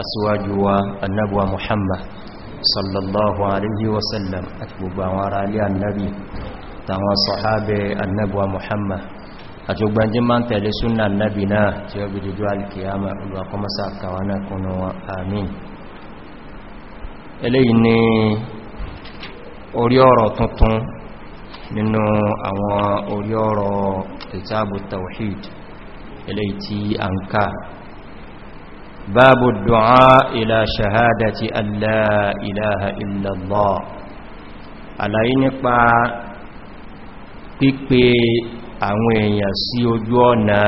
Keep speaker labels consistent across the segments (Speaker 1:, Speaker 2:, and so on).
Speaker 1: aṣíwájú wa annabuwa muhammad sallallahu alaihi wasallam àti gbogbo àwọn ará alẹ́ annabi tàwọn sọ̀hábẹ̀ annabuwa muhammad àti ogbanjin ma ń tẹ̀lé súnà annabi náà tí ó bí dúdú alkiyama olùwakọmọsá kàwánà kúnnà amin eléyìí ni orí ọ̀rọ̀ tuntun nínú àwọn orí ọ̀rọ̀ kitabu tawhid eléyìí tí a ń ká باب الدعاء إلى شهادة أن لا إله إلا الله على إنقى pípé àwọn èèyàn sí ojú ọ̀nà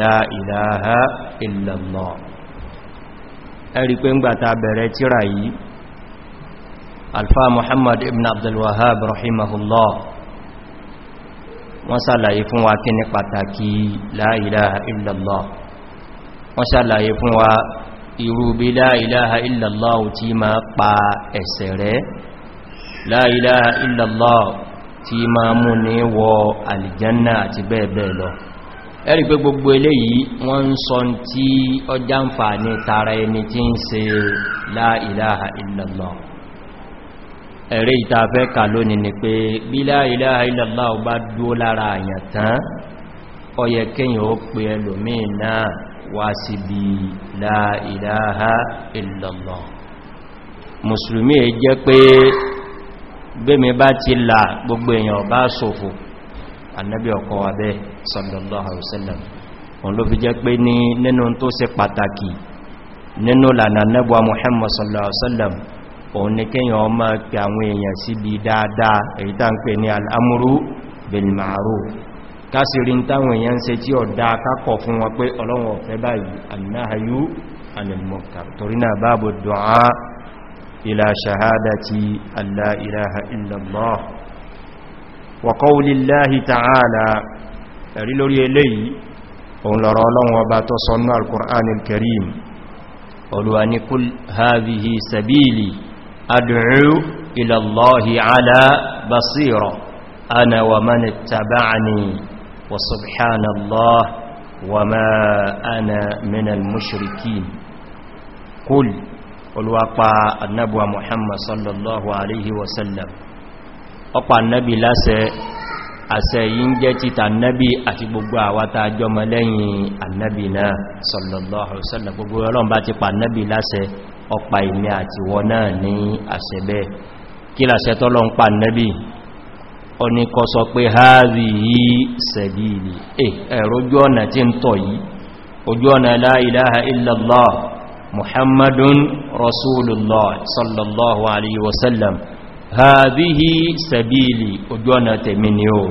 Speaker 1: la ilaha illallah ẹ̀rí pé ń gbàta bẹ̀rẹ̀ tíra yìí alfa muhammad ibn abdulwahab rahimahullah wọ́n sàlàyé fún wa kí ní pàtàkì la ilaha wọ́n sàlàyé fún wa ìrùbí láìláha illallahu ti ma pa ẹ̀sẹ̀ rẹ̀ láìláha illallahu ti ma mú ní wọ alìjanna àti bẹ́ẹ̀bẹ́ẹ̀ lọ ẹ̀rì pé gbogbo ilé yìí wọ́n ń sọ tí ọjá ń fà ní tara ẹni tí ń se láìláha illallahu ẹ̀rẹ́ ìtafẹ́ ka lónìí ni pé bí láìláha illallahu bá dúó lára àyàtán ọyẹ kẹyìn ó pè ẹlòmínà wá sí bí la ilaha illallah mùsùlùmí è jẹ́ pé gbẹ́mẹ bá ti là gbogbo èèyàn bá ṣòfò annabi ọkọ̀ abẹ́ sallallahu alaihi wasallam òun ló fi jẹ́ pé ní nínú tó ṣe pàtàkì nínú lànà nẹ́bọ̀ Muhammad sallallahu kásìrí táwọn èèyàn ṣe tí ọ̀dá akákọ̀ fún wọn pé ọlọ́run ọ̀fẹ́ báyìí annáhayú anìmọ̀ká torí náà báàbò dùnà ilá ṣahádàtí allá ìlàhà illallah wa qawlillahi ta'ala ẹ̀rí lórí eléyìí òun lọ́rọ̀ ọlọ́run ọba tó sọ́nú al-Qur'an al-Karim olùwà ní kul hadhihi ala basira ana wa man ittaba'ani وسبحان الله وما أنا من المشركين قل olùwapa annabuwa muhammad sallallahu alaihi wasallam ọpa annabi lásẹ àṣẹ yí ń jẹ́ títà annabi àti gbogbo àwátá jọmọ lẹ́yìn annabi náà sallallahu alaihi wasallam gbogbo ọlọ́run bá ti pa annabi lásẹ ọpa ìmẹ́ àti wọ náà ní àṣẹ bẹ́ẹ̀ kí lásẹ tọ́lọ́run pa annabi ọ̀nìkọ̀ sọ pé hazi yí sẹ̀bìlì ẹ̀rọ ojú ọ̀nà tí ń tọ̀ yìí ojú ọ̀nà la ilaha illallah muhammadun rasulullah sallallahu alaihi wasallam hazi yí sẹ̀bìlì ojú ọ̀nà tẹ̀mí ni ó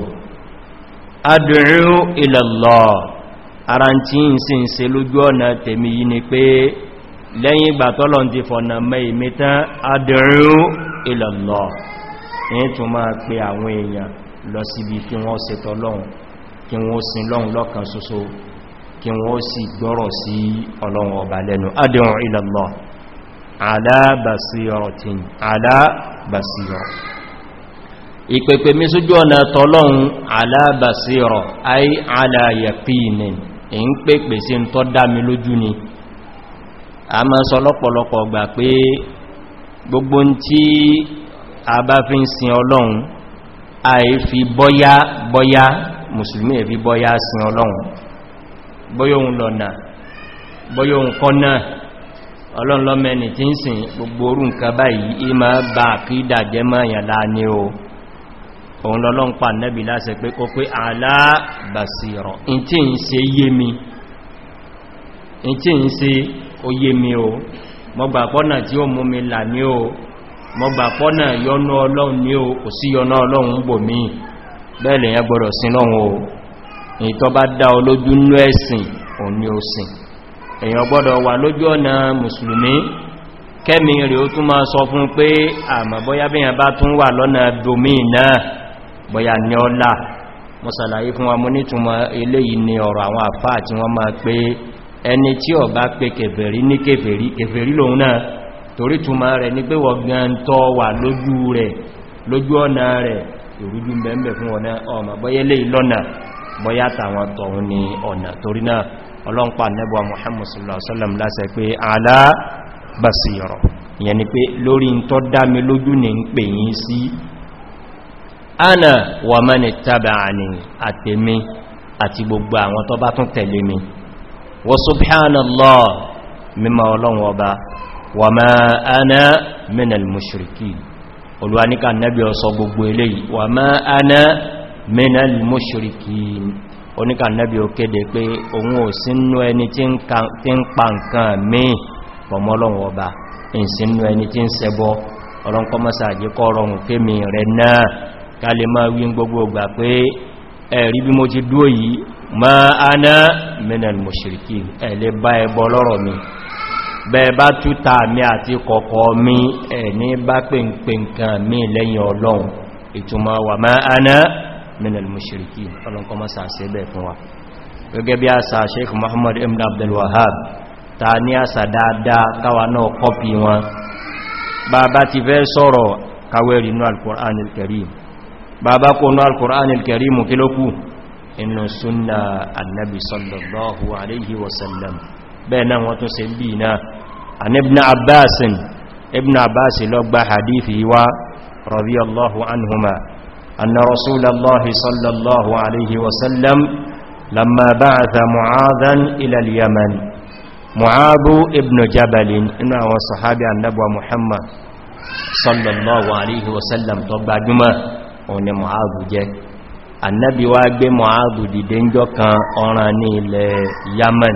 Speaker 1: adùnrú illallah ara tí ń sin se lójú ọ̀nà tẹ̀mí yìí ni pé lẹ́yìn ìgbà tọ́lọ̀ èyí tún máa pe àwọn èèyàn lọ síbi kí wọ́n ṣetọ́ lọ́hun kí wọ́n sin lọ́hun lọ́kan ṣoṣo kí wọ́n sì gbọ́rọ̀ sí ọlọ́run ọba lẹ́nu ad'u ila Allah ala basiratin ala basira ìpèpè mi sójú ọ̀nà tọ́lọ́run ala basira ay ala yaqinin ń pèpè sí ń tọ́ dá mi lójú ni a máa sọ lọ́pọ̀lọpọ̀ gbà pé gbogbo tí a bá fi ń sin ọlọ́run a è fi bọ́yá bọ́yá musulmi è fi bọ́yá sin ọlọ́run bọ́yóhun lọ́nà bọ́yóhun kọ́nà ọlọ́run lọ́mẹ́ni tí ń sin gbogbo orú nǹkan báyìí ima bá kí dàjẹ́ mọ́ ìyànlá ní o òun lọ́lọ́n pa nẹ́bì láṣẹ pé kó pé alábàṣírọ̀ in tí tí ó mú mi là ní o mọ́gbà pọ́nà yọ́nú ọlọ́run ní o kò sí yọ́nú ọlọ́run gbò mí bẹ́ẹ̀lẹ̀ yẹn gbọ́dọ̀ sí lọ́run o èyí tó bá dá olójú nú ẹ̀sìn ò ní o sìn èyàn gbọ́dọ̀ wà lójú ọ̀nà mùsùlùmí kẹ́mi rẹ̀ ó tún máa sọ fún pé àmà bóyá bí yẹn bá tún wà lọ́nà domi náà bóyá ní ọlá mo sàlàyé fún wa mo nítumọ̀ eléyìí ni ọ̀rọ̀ àwọn àfáà tí wọ́n máa pé ẹni tí ó pé kèfèrí ní kèfèrí kèfèrí lòun náà torí túnmà rẹ̀ ní pé wọ̀gán tọ́ wà lójú rẹ̀ lójú ọ̀nà rẹ̀ ìrújú mẹ́mẹ́ fún ọ̀nà ọmọ bọ́yẹ́lé ìlọ́nà bọ́yá tàwọn tọ̀hún ni ọ̀nà torí náà ọlọ́npàá nẹ́bọ̀ Muhammad sallallahu alaihi wasallam lásẹ̀ pé ala basira ìyẹn ni pé lórí ń tọ́ dá mi lójú wa subhanallah mímọ̀ ọlọ́run ọba wà máa aná minal mushrikin olúwa ní ká nẹ́bí ọsọ gbogbo eléyìí wà máa aná minal mushrikin oníkà nẹ́bí ó kéde pé òun ò sínú ẹni tí ń pa nǹkan míì pọ̀mọ́lọ́wọ́ ọba ìsìnú ẹni tí ń ṣẹbọ ọlọ́nkọ́mọ́sà àjíkọ́ rọrùn fèmì rẹ̀ náà ká lè máa wí bẹ̀ẹ̀bá túta mi àti kọ̀kọ̀ mi ẹ̀ ní bá pèǹpè nǹkan mi lẹ́yìn ọlọ́run ìtumọ̀ wà máa aná minal mushiriki ọlọ́nkọ́ ma sàṣẹ́ bẹ̀ fún wa gẹ́gẹ́ bí a sheikh muhammad ibn abdulwahab ta ní a dáadáa káwà náà kọ́pì wọn bàbá ti fẹ́ sọ́rọ̀ kawẹ́rì inú sunna annabi sallallahu alaihi wasallam bẹ́ẹ̀ náà wọ́n tó se bí náà an ibn abbasin ibn abbasin lọ gba hadithi wa radiyallahu anhuma anna rasulallahi sallallahu alaihi wasallam lamma ba'atha mu'adhan ila al-yaman mu'abu ibn jabalin ina wa sahabi annabawa muhammad sallallahu alaihi wasallam tó gbajúmọ̀ òní mu'abu jẹ́ annabi wa gbé mu'abu dìde ń kan ọ̀ràn ní ilẹ̀ yaman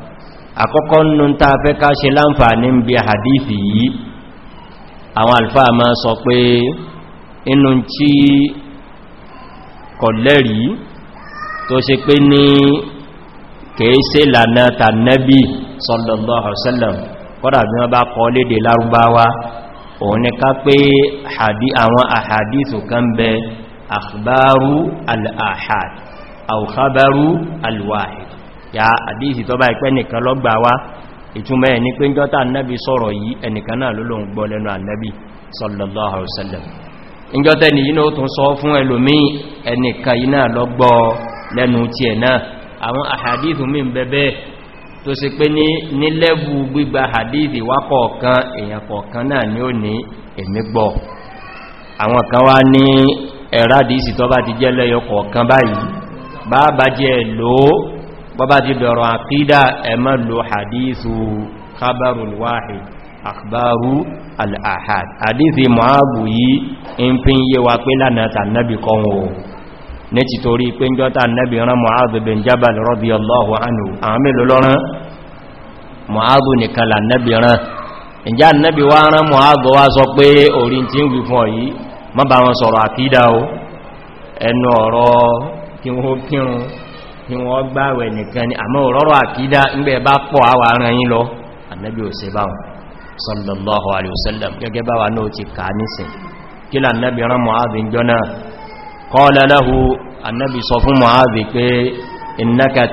Speaker 1: àkọ́kọ́ nínú ta fẹ́ ká ṣe láǹfààní ń bí hadithi yìí àwọn alfa ma sọ pé inú tí kọ̀lẹ́rí tó ṣe pé ní kèése lànà tànẹ́bí sallallahu alaihi wasallam kọ́dà bí wọ́n bá kọ lédè lárúbáwá òun ni ká pé àwọn àhàdìsù kan bẹ akhbaru al-ahad ya àdíìsì tó bá ìpẹ́ nìkan lọ́gbà wá ìtumọ̀ ẹ̀ ní pé ń jọta annabi sọ̀rọ̀ yìí ẹnìkan náà ló lóun gbọ́ lẹ́nu annabi sallallahu alaihi wasallam ìjọta ẹni yìí náà tún sọ fún ẹlòmíì ẹnìkan yìí náà lọ́gbọ́ lẹ́nu ti ẹ̀ náà àwọn àhàdìsù mí bẹ́bẹ́ tó sì pé ní nílẹ́bù gbígba àhàdìsì wá kọ̀ọ̀kan èèyàn kọ̀ọ̀kan náà ni ó ní èmi gbọ́ àwọn kan wá ní ẹ̀rádìsì tó bá ti jẹ́ lẹ́yọ kọ̀ọ̀kan báyìí bá bá jẹ́ lòó bọ́bá ti bẹ̀rọ àkídà ẹ̀mọ́ lò hadithu khabarul wahid akhbaru al-ahad hadithi ma'abu yìí in fi yé wa pé lánàá tànàbì kan o ní ti torí pé ń jọta annabi ran ma'abu bin jabal radiyallahu anhu àwọn mélòó lọ́rán ma'abu nìkan lànàbì ran ìjá annabi wá rán ma'abu wá sọ pé orí tí ń wí fún ọ yìí má wọn sọ̀rọ̀ àkídà o ẹnu ọ̀rọ̀ kí wọ́n kírun kí wọ́n gbáwẹ̀ nìkan ni àmọ́ òrọ́rọ̀ àkídá ńgbẹ̀ bá pọ̀ àwà ara lọ annabi ò se báwọn sallallahu alaihi wasallam gẹ́gẹ́ báwa náà ti kà nísìn kí rán mọ̀háàbì jọna qala lahu annabi sọ fún mọ̀háàbì pé innaka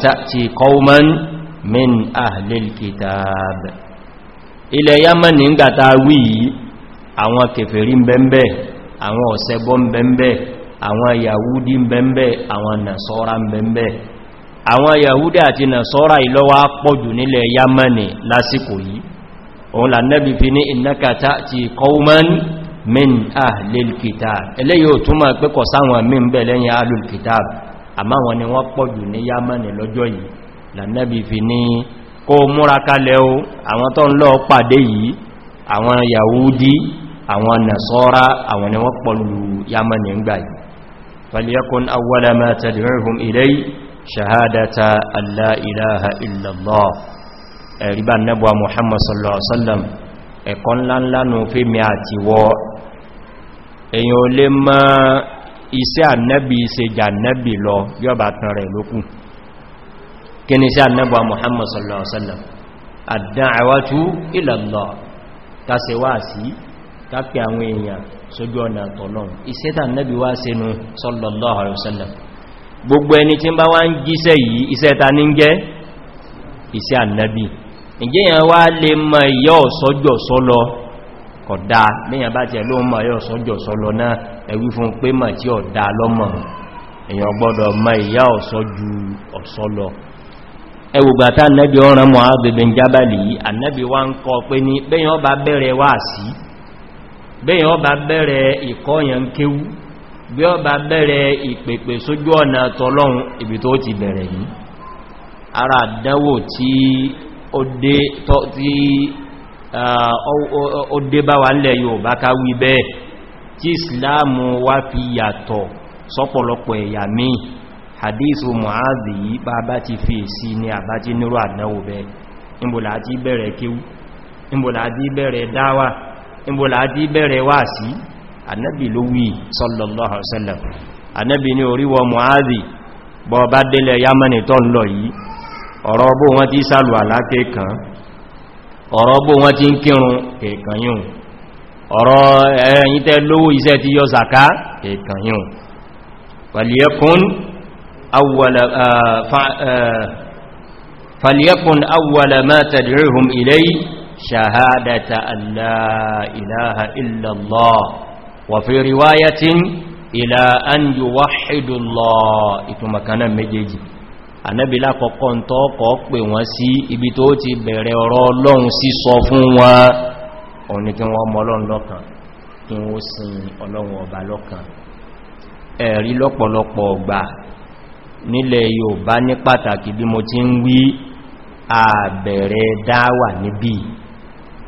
Speaker 1: min yahudi mbẹ̀mbẹ̀ àwọn nasọ́ra mbẹ̀mbẹ̀ àwọn yahuda àti nasọ́ra ìlọ́wà pọ̀jù nílẹ̀ yamani lásìkò yìí òun lànẹ́bì fi ní ìnákàtà ti kọ́wọ́n min ahlilkita eléyìí ò túnmà pé kọ̀ sáwọn min bẹ̀ lẹ́yìn ahlilkita àmá wọn ni wọ́n pọ̀jù ní yamani lọ́jọ́ yìí lànẹ́bì fi ní kó ṣahádátà aláìláha ìlàlọ́ ẹ̀ríbà nẹ́bọ̀ Muhammad sallallahu alaihi wasallam ẹ̀kọ́ ńláńlá nù fí mi àti wọ èyàn olè mọ́ iṣẹ́ ànẹ́bì iṣẹ́ jànẹ́bì lọ yọba tán rẹ̀ lókún kí ni iṣẹ́ ànẹ́bọ̀ Muhammad sallallahu alaihi wasallam ad-da'watu ilallah ká ṣe wáàsí ká pe àwọn èèyàn sójú ọ̀nà sallallahu alaihi wasallam gbogbo ẹni tí ń bá wá ń jíṣẹ́ yìí iṣẹ́ ta ní jẹ́ iṣẹ́ ànábì ǹjẹ́ wá lè mọ ìyọ́ ọ̀sọ́jọ̀ sọ́lọ kọ̀dá lẹ́yìn bá ti ẹ̀ ló mọ ìyọ́ ọ̀sọ́jọ̀ sọ́lọ náà ẹ̀wí fún pé mọ̀ tí ọ̀dá lọ́mọ èèyàn mọ bí ọ bá bẹ̀rẹ̀ ìpèpè sójú ọ̀nà tọ́lọ́run ibi tó ti bẹ̀rẹ̀ yìí ara àdánwò tí ó dé bá wà lẹ̀ yóò bá ká wí bẹ́ẹ̀ tí wá fi yàtọ̀ sọ́pọ̀lọpọ̀ ẹ̀yà míì hadithu mu'adhi yìí bá bá ti fi sí ní àbá tí nírò àdánwò bẹ́ẹ̀ níbòlá ti bẹ̀rẹ̀ kíw annabi ló wí sallallahu alaihi wasallam annabi ní oríwọ mu'adhi bọ́ bá délẹ̀ yamani tó ń lọ yìí ọ̀rọ̀ bó wọ́n ti sálù alákẹ́kàn ọ̀rọ̀ bó wọ́n ti ń kírun kẹ̀kàn yìí ọ̀rọ̀ ẹ̀yìn tẹ́ lówó iṣẹ́ ti yọ zaka kẹ̀kàn yìí falyakun awwala ma tad'uhum ilay shahadata an ilaha illallah wàfí riwayatin ìlà an yù wáhìdùlọ ìtùmọ̀kaná méjèèjì anábìlá kọ̀kọ́ ń tọ́kọ̀ pè wọ́n sí ibi tó ti bẹ̀rẹ̀ ọ̀rọ̀ ọlọ́run sí sọ fún wọn òní kí wọ́n mọ́ ọlọ́run lọ́kàn kí wọ́n sin ọlọ́run ọba lọ́kàn ẹ̀rí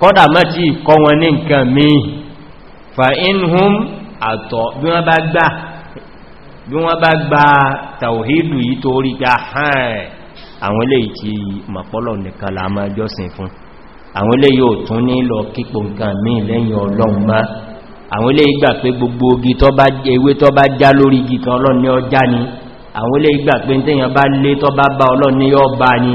Speaker 1: kọ́dà mọ́ tí kọ́ wọn ní nǹkan míì fa inhum àtọ̀ bí wọ́n bá gbà bí wọ́n bá gba tàwíìdù yìí tó rí gbà àwọn ilé ìtì mọ̀pọ́lọ̀ nìkan la máa jọ́sìn fún àwọn ilé yóò tún ní lọ kípò nǹkan míì lẹ́yìn ọlọ́run má àwọn ilé ìgbà pé gbogbo ogi tó bá ewé tó bá já lórí igi kan ọlọ́run ní ọjá ni àwọn ilé ìgbà pé tẹ́yàn bá lé tó bá bá ọlọ́run ní ọba ni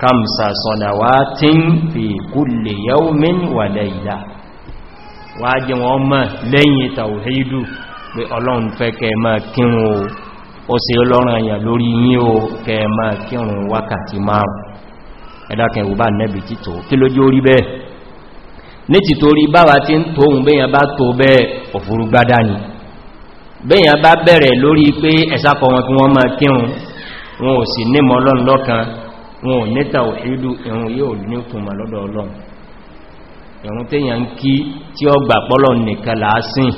Speaker 1: khamsa salawatin fi kulli yawmin wa layla wá jẹ́ wọn mọ̀ lẹ́yìn tàwíhìdù pé ọlọ́run fẹ́ kẹma kírun o ó se ọlọ́run àyà lórí yín o kẹma kírun wákàtí márùn ẹ̀dàkẹ̀wò bá nẹ́bì títò kí lójú orí bẹ́ẹ̀ ní títorí báwa tí ń tóhun bẹ́yàn bá tó bẹ́ẹ̀ òfúrú gbádá ni bẹ́yàn bá bẹ̀rẹ̀ lórí pé ẹ̀sákọ̀ wọn kí wọ́n máa kírun wọn ò sì nímọ̀ ọlọ́run lọ́kan wọn ò nítà òhìdú ẹ̀hùn yóò ní kùnmà lọ́dọ̀ ọlọ́run ẹ̀hùn tẹ́yàn kí tí ó gbà pọ́lọ̀ nìkan láásìn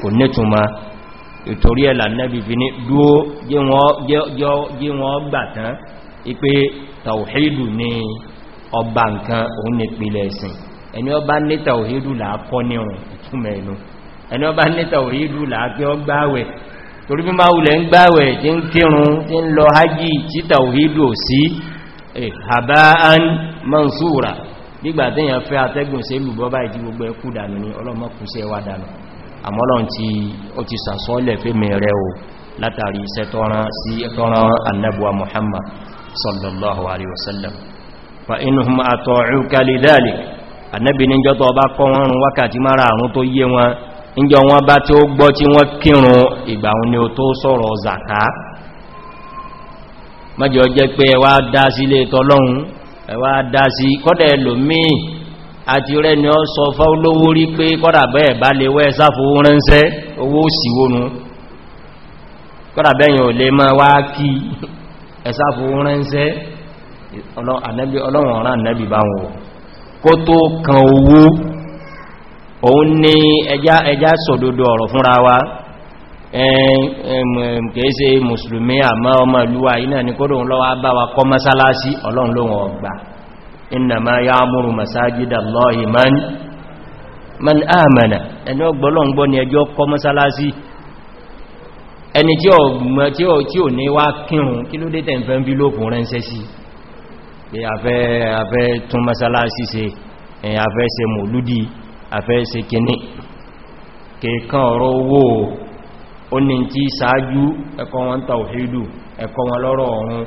Speaker 1: kò nítùnmà ìtorí ẹ̀là nẹ́bì fi ní dúó jí wọ́n gbà tán ipé ọba nǹkan ẹni ọba ní tàwòhìdù làákọ́ ní torí bí máa ń gbáwẹ̀ tí ń kírun tí ń lọ hajji haba'an mansura nígbà tí yàn fẹ́ atẹ́gùn sí ìlú bọ́bá ìdí gbogbo ẹkù dànù ní ọlọ́mọkùsẹ́ wà dànù àmọ́lọ́n tí ó ti sàsọ́lẹ̀ fẹ́ mẹ́rẹ́ o látàrí iṣẹ́ sí annabuwa muhammad sallallahu alaihi wasallam fa annabi ni mọ́jọ jẹ́ pé ẹwà dá sí ilé tọ́lọ́run ẹwà dá sí kọ́dẹ̀ ẹlòmíì àti rẹ̀ ni ọ sọ fọ́ olówó rí pé kọ́dà bẹ́ẹ̀ bá lè wẹ́ sáfò ránṣẹ́ owó síwónú kọ́dà bẹ́yìn ò lè máa wá kí ẹ̀sáfò ránṣẹ́ ọlọ́run kèése mùsùlùmí àmá ọmọ ìlúwà iná ní kó lóun lọ́wọ́ bá wa kọ́ mọ́sálásí ọlọ́run lóhun ọgbà iná ma yá múrù masájídà lọ́hì man ámànà ẹni ọgbọ́lọ́ngbọ́ ni ẹjọ́ kọ́ mọ́sálásí ẹni tí ó tí ò ní wá kírùn kí ló dé tẹ́ǹfẹ́ bí lóòpùn rẹ́ńsẹ́ sí se afẹ́ se mòlúdí afẹ́ se kìíní kèèkan ọ̀rọ̀ owó ó ní tí sáájú ẹ̀kọ́ wọn tàwíìdù ẹ̀kọ́ wọn lọ́rọ̀ ọ̀run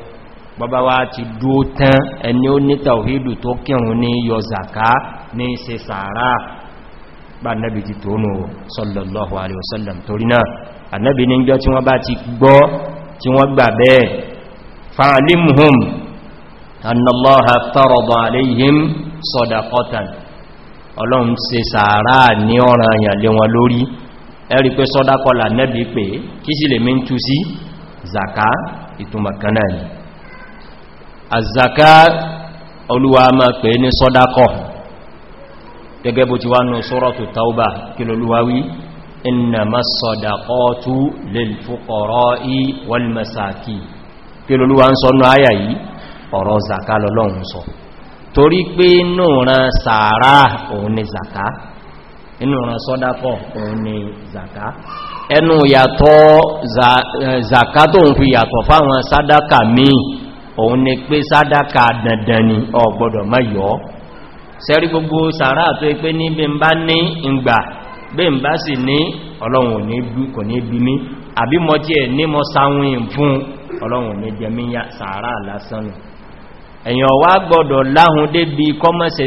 Speaker 1: bàbá wa ti dúó tán ẹni ó ní tàwíìdù tó kírun ní yọ zaka ní ṣe sàárà bá nẹ́bì ti tónú sallallahu alaihi wasallam torí náà ànẹ́bì ní jọ tí wọ́n bá ti gbọ́ ẹ̀rí pé sọ́dákọlà nẹ́bí pé kí sí lè mín sí zaka ìtùmọ̀kaná ni àzàká olúwa ma pè ní sọ́dákọ̀ gẹ́gẹ́ bó ti wá ní suratu tauba kí lolúwáwí innama sọ́dákọ́tú lil fuqara'i wal masaki kí lolúwa ń sọ náà àyà yìí ọ̀rọ̀ zaka lọ́lọ́run sọ torí pé náà sàárà zaka inú ọ̀ràn sọ́dápọ̀ òun ni zaka enu yato zaka to n fi yàtọ̀ fáwọn sadaka míì òun ni pe sadaka dandan ni ọ gbọ́dọ̀ má gbogbo sàárà to pe ni bí n bá ní ìgbà bí n ni sì ní ọlọ́run kò ní bí mí àbí mọ́ tí ẹ̀ ní mọ́ sáwọn fún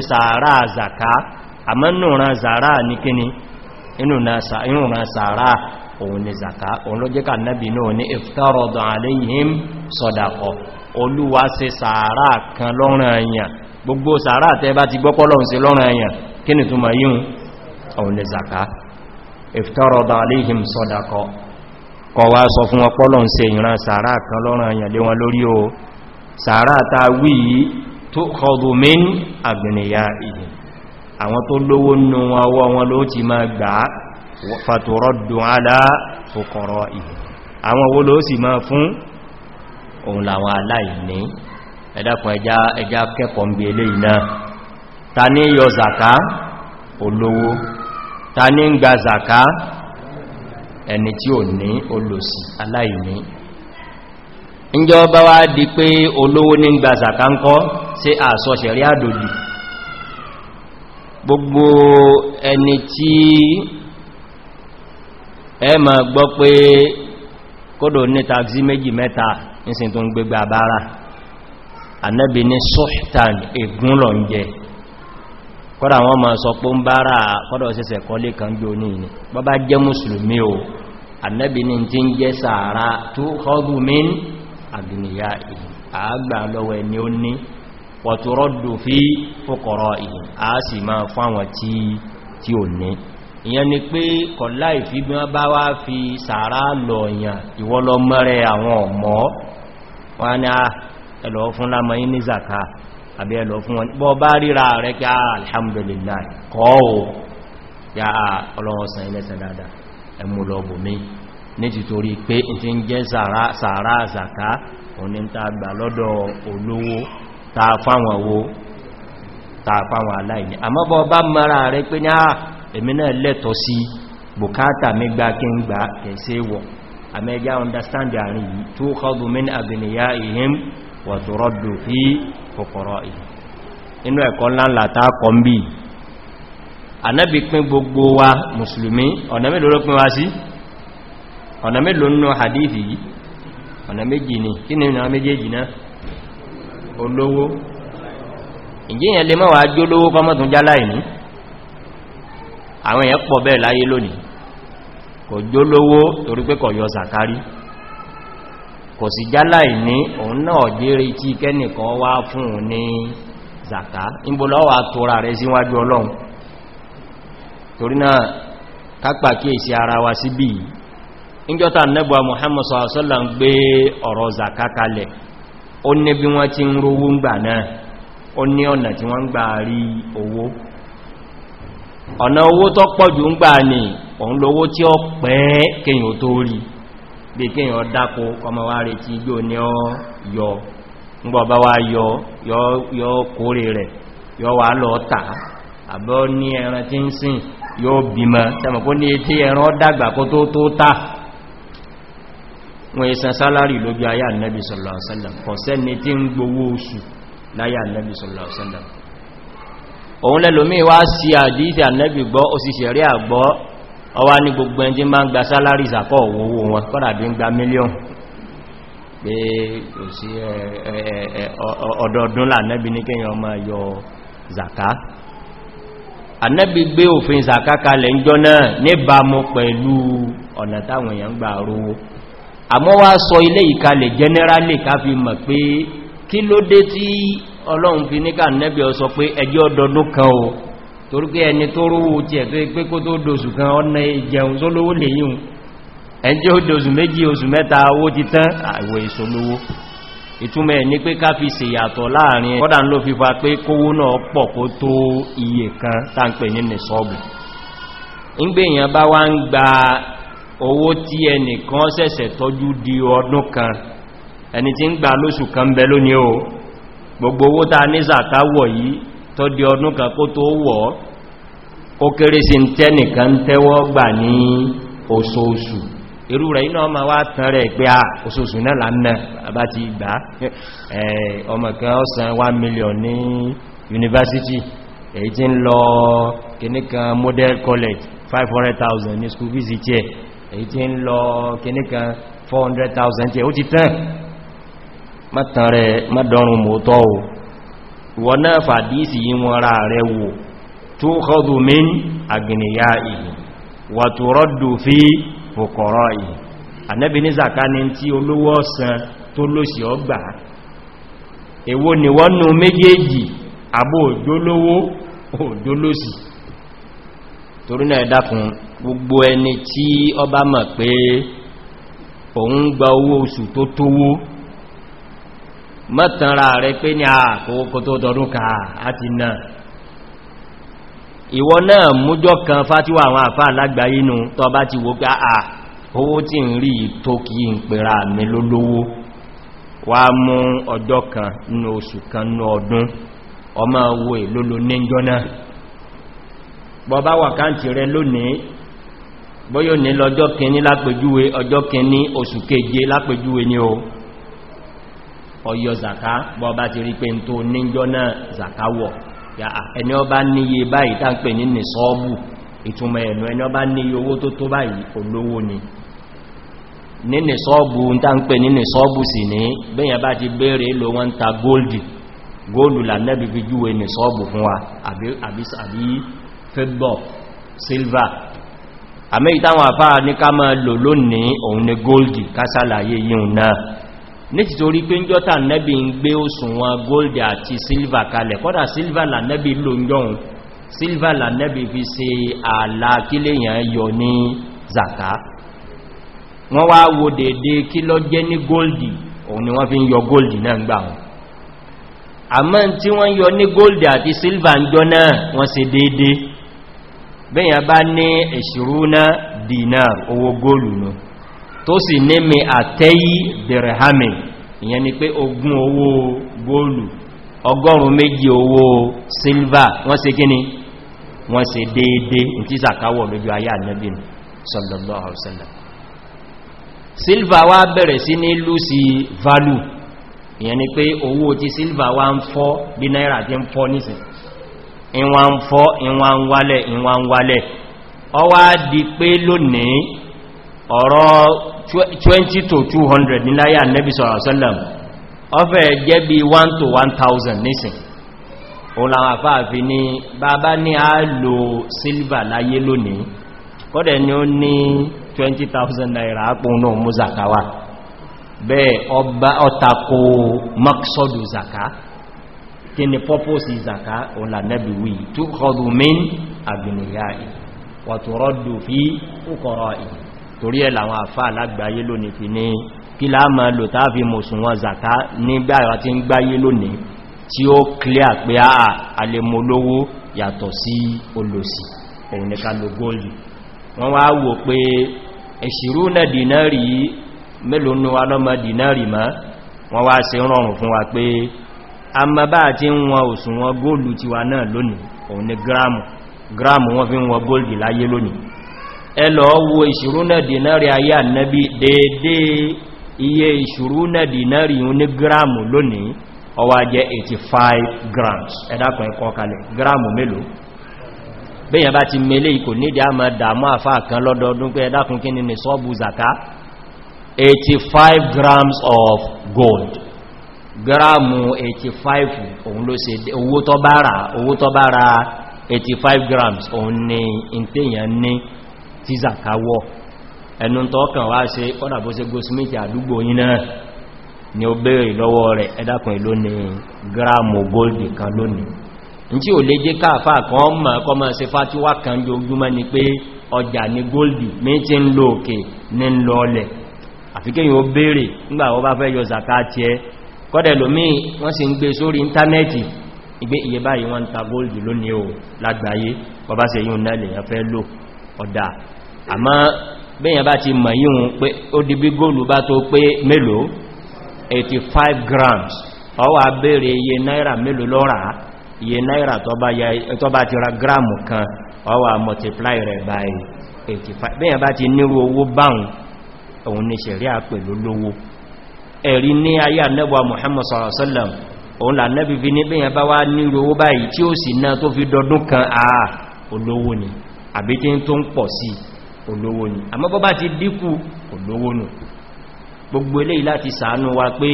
Speaker 1: sara zaka àmọ́ nùran zàrá ní kíni inúran zàrá òun ni zaka òun ló jẹ́ ká nábi náà ní iftarodan aléyìn sọ́dàkọ̀ olúwa ṣe sàárà kan lọ́rùn ẹ̀yàn gbogbo sàárà tẹ́ bá ti gbọ́pọ́lọ́un sí lọ́rùn ẹ̀yàn kí ni túnmọ̀ yíun òun ni zaka iftarodan aléyìn tó kọdùmín àgbìnìyà àwọn tó lówó nù ọwọ́ wọn ló ti máa gbà fàtòrọ́dù alá fòkọ̀rọ̀ ìhù àwọn owó ló sì máa fún òun làwọn aláìní ẹ̀dàkùn ẹja kẹ́kọ̀ọ́ ń bí ilé iná ta ní yọ zaka olówó ta ní ń gba zaka ẹni tí ò ní olòsì aláìní ìjọba wá di pé olówó ní ń gba zaka ń kọ́ sí àsọ̀ṣẹ̀rí àdòdì gbogbo ẹni tí ẹ ma gbọ́ pé kódò ní tàbí méjì mẹ́ta nísìn tó ń gbégbé àbára ànábì ní sọ́ṣtàn ègún lọ ń jẹ kọ́dà wọn ma sọ pé ń bára kọ́dọ̀ sẹsẹ̀ kọ́ lé kan bí oní ìní bọ́ bá jẹ́ o ànábì ní tí ń jẹ́ sàárá tó kọ́gùn mín àbìnìyà agba lọ́wọ́ ẹni ó ní wàtúrọ́dù fi fòkọ̀rọ̀ ìhìn a sì máa fún àwọn tí ò ní ìyẹn ni pé kọ̀lá ìfigbí wọ́n bá wá fi sàárá lọ ìyàn ìwọ́lọ mẹ́rẹ àwọn ọmọ wọ́n ni a ah, ẹlọ fún lámọ́yí ní zaka àbí ẹlọ fún wọn bọ́ bá ríra rẹ̀ kí ah, alhamdulillah kọ́ ya ah, ọlọ́ọ̀sán ilẹ̀sẹ̀ dáadáa ẹmú lọ bò mí ní títorí pé ìtí taa fáwọn owó taa fáwọn aláìní àmọ́bọ̀ bá mara rẹ pé ní àà ah, èmi náà lẹ́tọ̀ sí bùkátà mi kí ń gbá kẹsẹ́ wọ̀ àmẹ́já understand àrin yìí tó kọ́dù min àgbìnìyà ihim wà tó rọ́dù fi kòkòrò ihim inú ẹ̀kọ́ ńláńlá wa mùsùlùmí ọ̀nà mélòó ló pín wa sí hadithi yìí ọ̀nà méjì ni kí ni ọ̀nà méjèèjì náà olówó ìjíyàn lè mọ́wàá jó lówó kọmọ́tún jáláì ní àwọn èèyàn pọ̀ bẹ́ẹ̀ láyé lónìí kò jó lówó torí pé yọ sàkárí kò sì jáláì ní òun náà jẹ́rẹ tí kẹ́nìkan wá fún un ní zàká níbolọ́wà tóra rẹ̀ síwájú ọlọ́run torí náà kápà ara wa síbí ìjọta nẹ́bọ̀ sallallahu alaihi wasallam gbé ọ̀rọ̀ zàká kalẹ̀ ó ní bí wọ́n ti ń rówó ń gbà náà ó ní ọ̀nà tí wọ́n ń gbà rí owó ọ̀nà owó tó pọ̀jù ń gbà ní òun lówó tí ó pẹ́ kéyàn tó rí bí kéyàn dákó ọmọ wá rẹ̀ tí ní ọ yọ ngbọ̀ bá wá yọ yọ kórè rẹ̀ yọ wà lọ tà àbọ́ ní ẹran tí ń sìn yóò bímọ wọn ìsan sálárì lójú ayá nẹ́bí sallallahu alaihi wasallam kò sẹ́ni tí ń gbowó oṣù láyá nẹ́bí sallallahu alaihi wasallam òun lẹ́lòmí wá sí àdíìsì ànẹ́bì gbọ́ ó sì ṣẹ̀rí àgbọ́ ọwá ní gbogbo ẹni tí máa ń gba sálárì ìsàkọ́ owó wọn kọ́nà bí ń gba mílíọ̀n pé kò sí ọdọọdún zaka ànẹ́bì gbé òfin zaka kalẹ̀ ń jọ náà níbàmú pẹ̀lú ọ̀nà táwọn èèyàn àmọ́ wá sọ ilé ìkalẹ̀ generally ká fi mọ̀ pé kí ló dé tí ọlọ́run fi ní káà ọ sọ pé ẹjọ́ ọdọọdún kan o torí ẹni tó rówó ti ẹ̀ tó pé kó tó dòsù kan ọ̀nà ìjẹun tó lówó lè dòsù méjì oṣù mẹ́ta owó ti tán àwẹ̀ ìṣòlówó ìtumẹ̀ ní pé ká fi láàrin ló fi fa pé kówó náà pọ̀ kó tó kan bá wá ń gba owó tí ẹnìkan ṣẹ̀ṣẹ̀ tọ́jú di ọdún kan ẹni tí ń gbà lóṣù kan bẹ lónìí o gbogbo owó ta ní sàkáwọ̀ yìí tọ́ di ọdún kan kó tó wọ̀ ó kéré sí tẹ́nìkan tẹ́wọ́ gbà ní oṣooṣù irú rẹ̀ iná ọmọ wá tán rẹ̀ pé à oṣooṣù náà lánà àbá ti gbà ọmọ kan ọ̀sán 1 million ní university èyí tí ń lọ kìníkan model college 500,000 ní school visit yẹ́ èyí tí ń lọ kìníkan 400,000 tí ó ti tán mọ́tàn rẹ̀ mọ́dọ̀rùn mọ́tọ́ o wọ́n náà fàdísì yí wọn ra rẹ̀ wò tó kọ́dù min àgbìnìyà ìhì wà tó rọ́dù fi fòkọ̀rọ̀ ìhì ànẹ́bì zaka ní tí olówó ọ̀sán tó lóṣì ọgbà èwo ni wọ́n nú méjèèjì àbò òjólówó òjólóṣì torí náà ẹ̀dá fún gbogbo ẹni tí ọ bá mọ̀ pé òun gba owó oṣù tó tówó mọ́tànra rẹ̀ pé ní àkókò tó tọdún ká àti náà ìwọ náà mújọ́ kan fátíwà àwọn àfá alágbàáyé nù tọ bá ti wó pé àà owó tí ń rí tó kí ń pèrà mi lólówó wà mú ọjọ́ kan nínú oṣù kan nínú ọdún ọmọ owó èlólo níjọ́ náà bọ́bá wàkántì rẹ lónìí bóyọ̀ ní lọ́jọ́ kìíní lápẹjúwe ọjọ́ kìíní oṣù keje lápẹjúwe ni o ọyọ zaka bọ́ọ̀bá ti rí pé n tó níjọ́ náà zaka wọ̀ ẹni ọba níye báyìí tá ń pè ní ní sọ́ọ̀bù ìtumọ̀ ẹ̀nù ẹni ọba níye owó tó tó báyìí olówó ni nínì sọ́ọ̀bù ń tá ń pè nínì sọ́ọ̀bù sì ní bẹ́yàn bá ti béèrè ló àmì ìtàwọn àfáà ní ká máa lò lónìí òun ni góòlì kásàlàyé yíò náà ní títorí pé ń jọta nẹ́bí ń gbé òsùnwọn góòlì àti sílvà kalẹ̀ kọ́dà sílvà lànẹ́bí ló ń yọun sílvà lànẹ́bí fi se ààlà kíléyàn yọ ní zaka wọ́n wá wo dédé kí lọ jẹ́ ní góòlì òun ni wọ́n fi ń yọ góòlì náà gbà wọn àmọ́ tí wọ́n yọ ní góòlì àti sílvà ń jọ náà wọ́n se déédéé bẹ́yàn bá ní ìṣirúná dinar owó góòlù nù tó sì ní mi àtẹ́yí dirhami ìyẹn ni pé ogún owó góòlù ọgọ́rùn méjì owó silva wọ́n se kíni wọ́n se déédé tí sàkáwọ̀ lójú ayé ànẹ́bì sallallahu silva wá bẹ̀rẹ̀ sí ní lúsì value ìyẹn ni silva wá ń fọ́ bí náírà ìwà ń fọ́ ìwà ń wálẹ̀ ìwà ń wálẹ̀ ọ di pé lónìí ọ̀rọ̀ 20 to 200 ní láyé ànẹ́bí sọ̀rọ̀sọ́lẹ̀m ọfẹ́ jẹ́ bí 1 to 1000 nísìn òun àwọn àfáàfi ní bàbá ní a lò sílvà láyé lónìí kọ́dẹ̀ ni ó ní 20,000 naira ápùn náà mú zakawa bẹ́ẹ̀ ọba ọ̀tàkó maksọ́dù zakawa kí ni pọ́pọ́sì zaka olànẹ́bì wí tó kọrù min àgbìnìyà ì wàtòrọ́dù fi kúkọrọ̀ ì torí ẹ̀ làwọn àfá alágbàáyé lónìí fi ní kí láàmà lò tá fi mùsùnwọ́n zaka nígbàrá tí ń gbáyé lónìí tí ó clear pé a alemolówó yàtọ̀ sí olòsì òun ni ká lo góòlù wọ́n wá wò pé ẹ̀ṣìrú rọrùn fún wa pé a ma bá àti wọn òsùnwọn góòlù ti wà náà lónìí òun ni gíráàmù gíráàmù wọ́n fi ń wọ góòlù láyé lónìí ẹlọ wo ìṣúrúnà dìnárì ayé ànábí dédé iye ìṣúrúnà dìnárì yíò ní gíráàmù lónìí ọwà jẹ́ 85 grams ẹ̀dàkùn ẹ̀kọ́ kalẹ̀ gíráàmù mélòó bẹ́yàn bá ti mẹ́lẹ̀ ikò nídìí àmà dàmú àfá kan lọ́dọọdún pé ẹ̀dàkùn kí ni sọ́bù zaka 85 grams of gold gíráàmù 85 òun ló ṣe owó tó bá 85 grams òun ni ìtèyàn ní ti zakawọ́ ẹnu tó kàn wá se kọ́nà bó ṣe gosmith àdúgbò yín náà ni ó béèrè lọ́wọ́ rẹ̀ ẹ̀dàkùn ìlú ni gíráàmù goldi kan lónìí tí ò lè jẹ́ káàfà kan mọ̀ kọ́ mọ́ sí kan jọ ojúmọ́ ni pé ọjà ni góòlì mí ti ń lo òkè ní lọ́ọ̀lẹ̀ àfikẹ́yìn ó kọ́dẹ̀ lómí wọ́n sì ń gbé sórí íntánẹ́ẹ̀tì ìgbé iye báyìí wọ́n ń ta góòlù lónìí o lágbàáyé bọ́bá se yíò náà lèyàn fẹ́ lò ọ̀dá àmọ́ bẹ́yàn bá ti mọ̀ yíò pé ó di bí góòlù bá tó pé mélòó 85 grams ọwà béèrè iye náírà mélòó lọ́rà iye náírà tó bá ti ra gráàmù kan by 85 bẹ́yàn bá ti nírú owó báhùn òun ni ṣẹ̀rí ẹ̀rí ní ayé anẹ́bọ̀ Muhammad sallallahu alaihi wasallam òun là nẹ́bí fi ní bíyàn bá wá ní owó báyìí tí ó sì náà tó fi dọdún kan àà olówó ni àbí tí tó ń pọ̀ sí olówó ni àmọ́ bọ́ bá ti dínkù olówó nù gbogbo eléyìí láti ṣàánú wa pé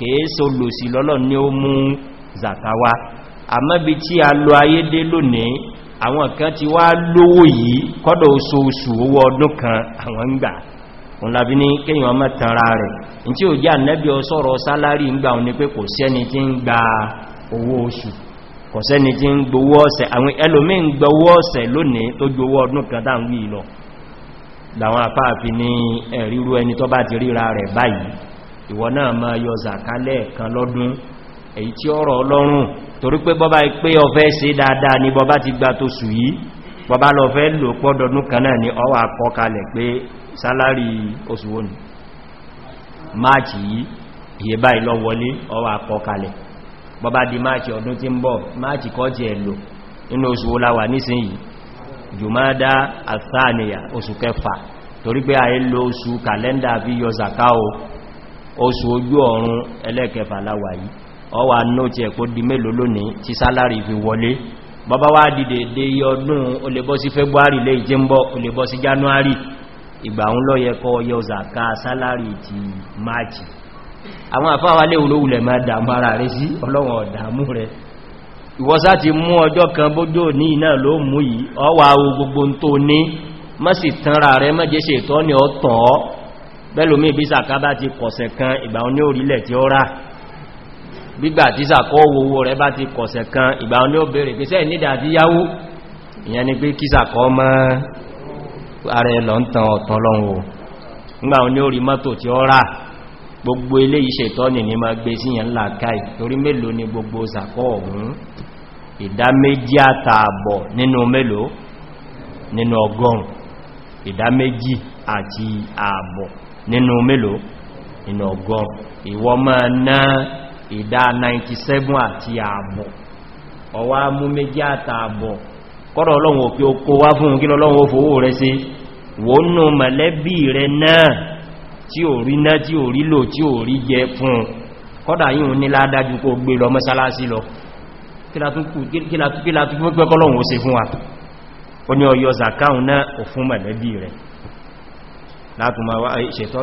Speaker 1: kèéso lòsì lọ́lọ́ ní ó mú zàtàwá àmọ́ bí tí a lo ayé dé lónìí àwọn kan ti wá lówó yìí kọ́dọ̀ oṣooṣù owó ọdún kan àwọn ń gbà òǹlàbí ní kéyàn ọmọ tanra rẹ̀ in tí ó jẹ́ ànẹ́bí ọsọ́rọ̀ sálárì ń gbà òun ni pé kò sẹ́ni tí ń gba owó oṣù kò sẹ́ni tí ń gbowó ọ̀sẹ̀ àwọn ẹlòmí ń gbowó ọ̀sẹ̀ lónìí tó gbowó ọdún kan lọ ma yọ zàkálẹ̀ kan lọ́dún èyí tí ọ̀rọ̀ ọlọ́run torí bọ́bá ni bọ́bá ti gbà tó sù yìí bọ́bá lọ fẹ́ lò pọ́dọ̀dún kan ni ọwà kọkalẹ̀ pé sálárì oṣù wọn máàkì yìí iye báyìí lọ wọlé ọwà àkọkalẹ̀ bọ́bá di máàkì ọdún tí ń bọ̀ máàkì kọ́ jẹ ẹ̀lò inú oṣù wo la wà nísìnyìí jùmádá àtàníyà oṣù kẹfà torí pé àyè lo oṣù kàlẹ́ndà fi yọ zaka o oṣù ojú ọ̀run ẹlẹ́kẹfà la wà yìí ọwà náà ti ẹ̀kọ́ di mélòó lónìí tí sálárì fi wọlé bọ́bá wá dìde dé iye ọdún ó lè bọ́ february lè jẹ́ ń bọ́ ó lè bọ́ january ìgbà ń lọ yẹkọ yọ zaka sálárì ti máàkì àwọn àfáwálé olówulẹ̀ máa dàmú ara rẹ̀ sí ọlọ́wọ̀n ọ̀dàmú rẹ̀ ìwọ́sá ti mú ọjọ́ kan bójò ní iná ló mú yìí ọwà o gbogbo tó ní mọ́ sì tanra rẹ̀ mọ́jẹ́ ṣe ìtọ́ ní ọ̀tàn ọ́ bẹ́lòmí bí ni pé kí sàkọ́ ààrẹ lọ ń tan ọ̀tọ̀ lọ́wọ́ ńgbà ní orí mọ́tò tí ó rà gbogbo ilé iṣẹ́ tọ́nì ní ma gbé síyàn láàkáì torí mélòó ni gbogbo sàkọ́ ọ̀hún ìdá méjì àtààbọ̀ nínú mélòó nínú ọgọ́rùn ìdá méjì àti ààbọ̀ nínú mélòó nínú ọgọ́rùn ìwọ máa ná ìdá 97 àti ààbọ̀ ọwá mú méjì àtààbọ̀ kọ́rọ̀ ọlọ́run òpí oko wá fún kí lọ́lọ́run ó fowó rẹ̀ sí wónú mẹ̀lẹ́bí rẹ̀ náà tí ò rí náà tí ò rí lò tí ò rí jẹ fún kọ́dà yíò ní ládájú kó gbé lọ mọ́sálásí lọ kí látúkú pẹ́ kọ́lọ́run ó se fún wa ó ní ọyọ zakaun náà ò fún mẹ̀lẹ́bí rẹ̀ ṣètọ́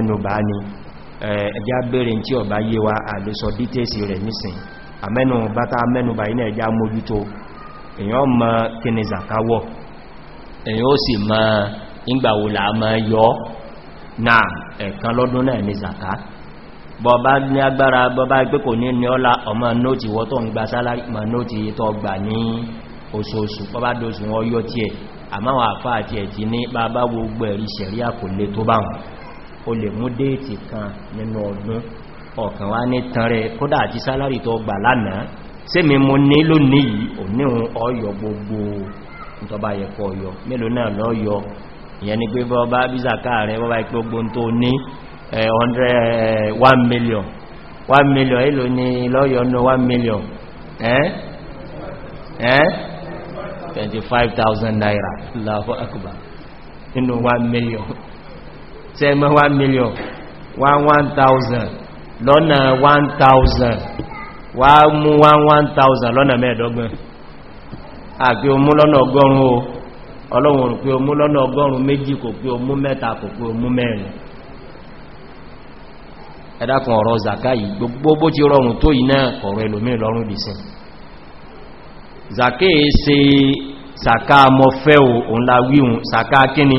Speaker 1: ni ó Eh, ẹjá bèèrè tí ọba yé wa àlesọ dítẹ́sì rẹ̀ nísìn àmẹ́nu bá tá mẹ́nu bá iná ẹjá mójútó èyàn mọ kíni zakawọ̀ èyàn ó sì mọ ìgbàwò láàmọ́ yọ náà ẹ̀kan lọ́dún náà ní zaka bọba ní agbára bọba pé kò ní ní ọlá ọmọ nóòtì wọ́n tó ń gba sálárì mọ̀ nóòtì tó gbà ní oṣooṣù bọba dóṣù wọ́n yọ tí ẹ̀ àmáwọn àfáà tí ẹ̀ ti ní bàbá gbogbo ẹ̀rí sẹ̀ríà kò le tó báhùn o lè mú déètì kan nínú ọdún ọ̀kan wá ní tan kódà àti sálárì tó gbà lánàá sí mi ní ọyọ gbogbo ìtọba yẹ̀kọ́ ọyọ mélòó náà lọ́yọ ìyẹn ni pé bọ́ọ̀bá bízàká rẹ̀ bọ́ọ̀bá ìpógbó tó ní 1 eh, eh, million 1 million ni 1 million eh eh million tẹ́mọ́ 1 million 1,000 lọ́nà 1,000 wà mú 1,000 lọ́nà mẹ́ẹ̀dọ́gbọ̀n àpí omú lọ́nà ọgọ́rùn o ọlọ́run rò pé omú lọ́nà ọgọ́rùn méjì kò pé omú mẹ́ta kò pé omú mẹ́rin ẹ̀dàkùn ọ̀rọ̀ zàkáyì gbogbo bó ti rọrùn tó yìí náà ọ̀rọ̀ ẹlòmí lọ́rùn dìsìn zàkáyì ṣe sàká mọ́fẹ́ òun la wíhun sàká kíní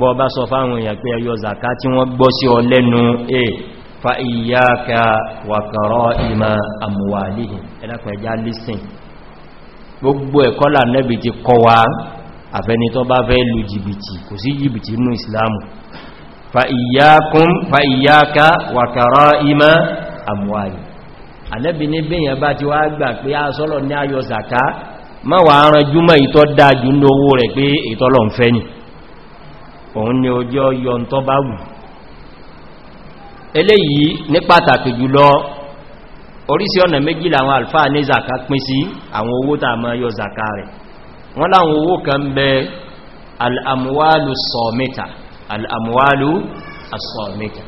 Speaker 1: bọ́ bá sọ fáwọn èèyàn pé ẹyọ zaka tí wọ́n gbọ́ sí ọ lẹ́nu e fa iyaka wa karaima amwalihim ẹ̀dàkùn ẹjá lísìn gbogbo ẹ̀kọ́ là nẹ́bì ti kọ wa àfẹni tó bá fẹ́ lu jìbìtì kò sí jìbìtì inú ìsìláàmù fa iyakum fa iyaka wa karaima amwalihim ànẹ́bì ní bíyàn bá ti wá gbà pé a sọ́lọ̀ ní ayọ zaka ma wà á ránjú mọ́ ìtọ́ ni òun ni ojú ọyọ tó bá wù eléyìí ní pàtàkì jùlọ orísìí ọ̀nà méjì làwọn alfáà ní zaka pín sí àwọn owó tàà máa yọ zaka rẹ̀ wọ́n láwọn owó kan bẹ al'amuwalu sọ̀mẹ́ta al'amuwalu asọ̀mẹ́ta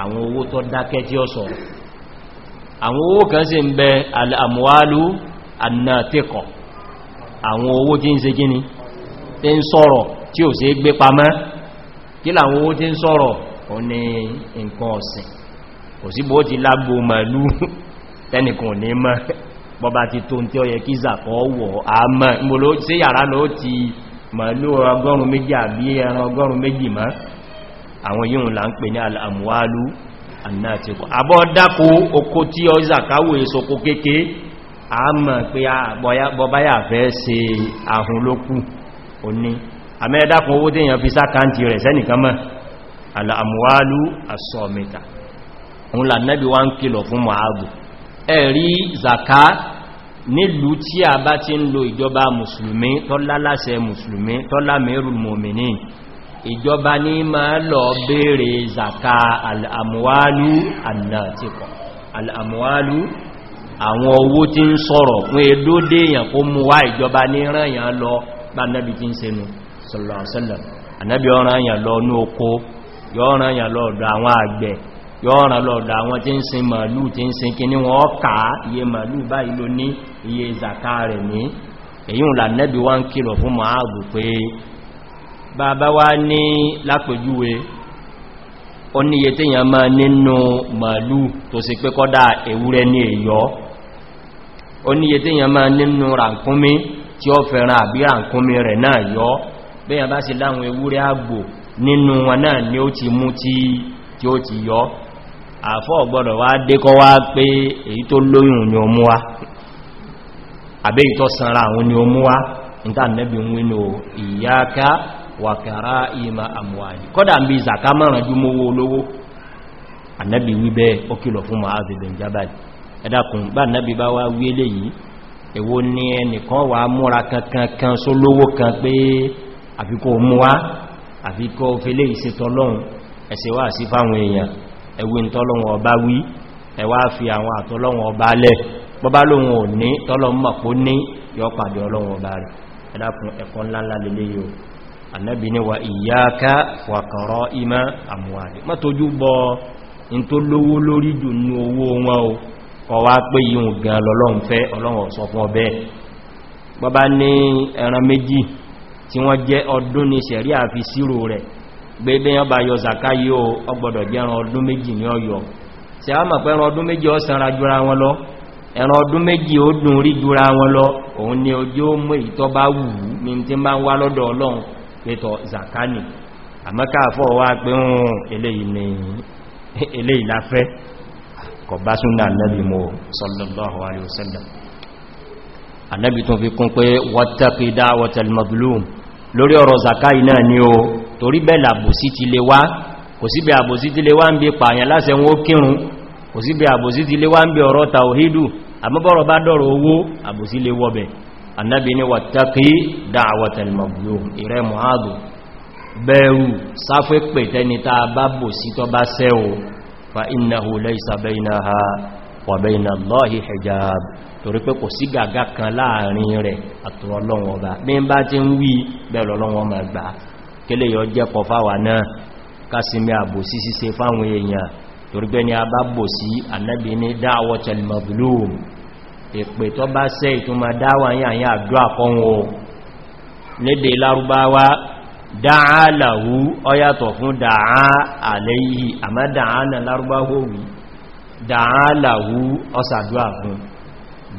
Speaker 1: àwọn owó tó dákẹ́ tí ó sọ̀rọ̀ àwọn owó kan sì ń bẹ al'amuwalu annatikọ̀ àwọn owó tí ń ṣe gíní tí ń sọ̀rọ̀ tí ò sí gbé pamọ́ kí làwọn owó tí ń sọ̀rọ̀ o ní nǹkan ọ̀sìn kò sí bó ti lágbó màálù tẹ́nìkan ní mọ́ bọ́bá ti tó tí ó yẹ kí zàkọ́ wọ̀ àmọ́ ìmòló sí yàrá ló ti màálù ọgọ́rùn méjì àbí ẹran ọgọ́rùn méjì mọ́ àwọn yíò là ń pè ní al'amwalu annátikọ̀ àbọ́ àmẹ́ẹ̀dàkùn owó tíyàn fi sákàntì rẹ̀ sẹ́nìkan mọ́ alàmúwálú asọ́mẹ́ta òun lànẹ́bí wá ń kìlọ̀ fún mọ̀háàbù ẹ̀rí zaka nílùú tí a bá ti ń lo ìjọba musulmi tọ́láláṣẹ musulmi tọ́lámẹ́rù mọ̀mìnì ìjọba ní máa lọ bèèrè zaka al'amuwalu annatikọ̀ al'amuwalu àwọn owó tí ń sọ̀rọ̀ fún edódéyàn kó mú wá ìjọba ní rányàn lọ bá nẹ́bí tí ń senú sallallahu alaihi wasallam ànábì ọ̀ràn àyàn lọ ní oko yọ́ọ̀ràn àyàn lọ ọ̀dọ̀ àwọn àgbẹ̀ yọ́ọ̀ràn lọ ọ̀dọ̀ àwọn tí ń sin màálù tí ń sin kí ní wọ́n ká iye màálù báyìí ló ní iye zaka rẹ̀ ní èyí ńlá nẹ́bí wá ń kìlọ̀ fún Mu'adh pé bàbá wá ní lápèjúwe ó ní iye tí yàn máa nínú ràǹkúnmí tí ó fẹ́ràn àbí ràǹkúnmí rẹ̀ náà yọ́ be bá sì láwọn ewúrẹ́ àgbò nínú wọn náà ni ó ti mú tí ó ti yọ́ àfọ́ ọ̀gbọ́dọ̀ wá dékọ́ wá pé èyí tó lóyún ni ó mú wá sanra àwọn ni ó mú wá níta nẹ́bí wínú ìyáká wàkàrá ìmà àmúwàdì kọ́dà bí ìzàká márùn jú mówó olówó ó kìlọ̀ fún ẹ̀dàkùn bá bá wá wí ni ẹnìkan wà kankan kan àfi kó mú wá àfi kó fẹ́lé ìsẹ́tọ́lọ́run ẹ̀sẹ̀ wá sí fáwọn èèyàn ẹwé tọ́lọ́run ọba wí ẹwà fi àwọn àtọ́lọ́run ọba lẹ̀ bọ́bá lóhun ò ní tọ́lọ́run mọ̀ kó ní yọ pàdé ọlọ́run ọba rẹ̀ amwali má tójú bọ in tó lówó lórí jù ní owó wọn o kọ wá bọ́bá ní ẹran méjì tí wọ́n jẹ́ ọdún ní ṣẹ̀rí àfi sírò rẹ̀ gbẹ́gbẹ́ yán bá yọ zaka yíò ọgbọ̀dọ̀ jẹ́ ẹran ọdún méjì ní ọyọ̀ ṣe a mọ̀ pé ẹran ọdún méjì ó sanra jura wọn lọ ẹran ọdún méjì ó dùn rí jura wọn lọ òun ni ojú ó mú ìtọ́ bá wù ú ní tí máa ń wá lọ́dọ̀ ọlọ́run pẹ̀tọ̀ zaka ni àmọ́ká mo sallallahu alaihi wasallam annabi tún fi kún pé wattaqi da'watal mazlum lórí ọ̀rọ̀ zakai náà ni o torí bẹ́ẹ̀lá àbòsí ti lè wá kò síbi àbòsí ti lè wá ń bí pààyàn láṣẹ wọn ó kírun kò síbi àbòsí ti lè wá ń bí ọ̀rọ̀ tàwídù àmọ́bọ̀rọ̀ bá dọ̀rọ̀ owó àbòsí lè wọ́bẹ̀ annabi ni wattaqi da'watal mazlum torí pé kò sí gàgá kan láàrin rẹ̀ àtọ̀rọ̀ ọlọ́run ọba bí n bá ti ń wí bẹ̀rẹ̀ ọlọ́run ọmọ ẹgbà kélé yọ jẹ́ kọ fáwà náà kásìmí àbòsí ṣíṣe fáwọn èèyàn torí pé ní a bá bòsí ànábì ní da'watul mazlum èpè tó bá sẹ́ ìtumọ̀ dáwà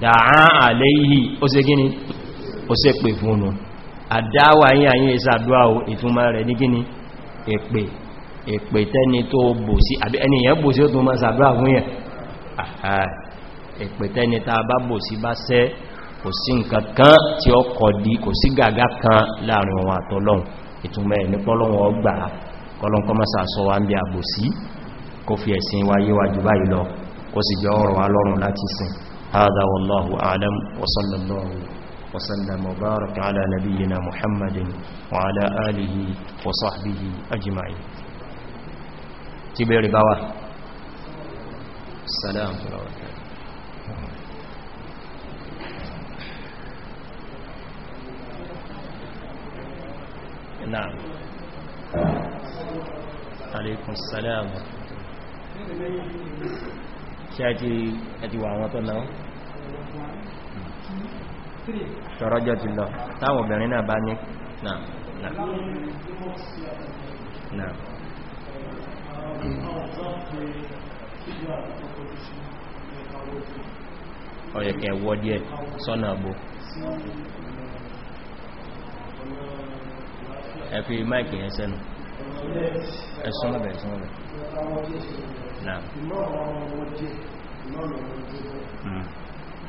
Speaker 1: dàá àléhì ó ṣe gíní ó ṣe pè fún un àdáwà yí àyí ìsàdúwà ìtumọ̀ rẹ̀ ní gíní èpè èpè tẹ́ni tó bò sí àbí ẹni yẹn bò sí ó tún mọ́ sàdúwà fún yẹn èpè tẹ́ni ta bá bò sí bá sẹ́ kò sí nǹkan kan tí ó kọ̀ di kò sí gàgá kan láàrin wọn àtọ́lọ́un ìtumọ̀ ẹ̀ ní pọ́lọ́wọ́ ọgbà kọlọ́nkọ́ kó sì jẹ́ ọ̀rọ̀ wa láti sìn هذا والله أعلم وصلى الله وسلم وبارك على نبينا محمد وعلى آله وصحبه أجمعين تبير بوا السلام عليكم نعم عليكم السلام شاجي أدي وعمة الله
Speaker 2: ṣọ̀rọ̀jọ́ ti lọ táwọn
Speaker 1: obìnrin náà bá ní
Speaker 2: na. náà
Speaker 1: ọ̀yẹ̀kẹ̀ wọ́ díẹ̀ sọ́nà àbò ẹ̀fì máìkì yẹn sẹ́nu
Speaker 2: ẹ̀sùn ọ̀bẹ̀ ẹ̀sùn ọ̀bẹ̀ náà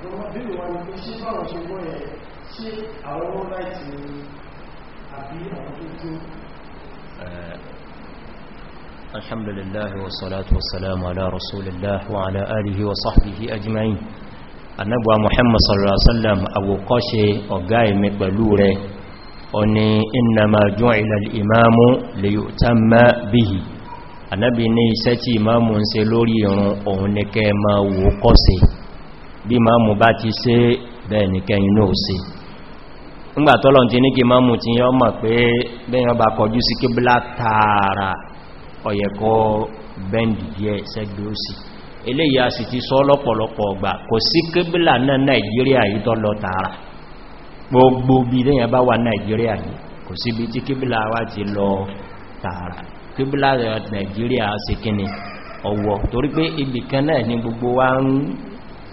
Speaker 2: bíbí eh, wa ni pé ṣé báwọn ṣe gbọ́ yẹn ṣé àwọn ọmọ láìsí ni àbí àwọn tó tó.
Speaker 1: الحمد لله والصلاة والسلام على رسول الله وعلى آله وصحبه أجمعين النبوة محمد صلى الله عليه وسلم أبو قاشي وقائم بلوره ọni inama ju'ila al'imamu lè yóò tán má bíhì anábi ní iṣẹ́ tí imamu ń ṣe lórí ìrun òun ní kẹ ma wò kọ́sẹ̀ bí máàmù bá ti ṣe bẹ́ẹ̀ ní kẹyìn náà ṣe ńgbàtọ́lọ̀ ti ní kí máàmù ti yọ mọ̀ pé bẹ́yàn bá kọjú sí kíbílá tààrà ọ̀yẹ̀kọ́ bẹ́ndì díẹ̀ sẹ́gbẹ̀ òsì eléyìí a sì ti sọ lọ́pọ̀lọpọ̀ ọgbà kò sí kíbílà náà nàìjíríà yìí tọ́ lọ tààrà gbogbo bí lẹ́yìn bá wà nàìjíríà yìí kò sí bí tí kíbílà wá ti lọ tààrà kíbílà nàìjíríà ṣe kíni ọ̀wọ̀ torí pé ibìkan náà ni gbogbo wa ń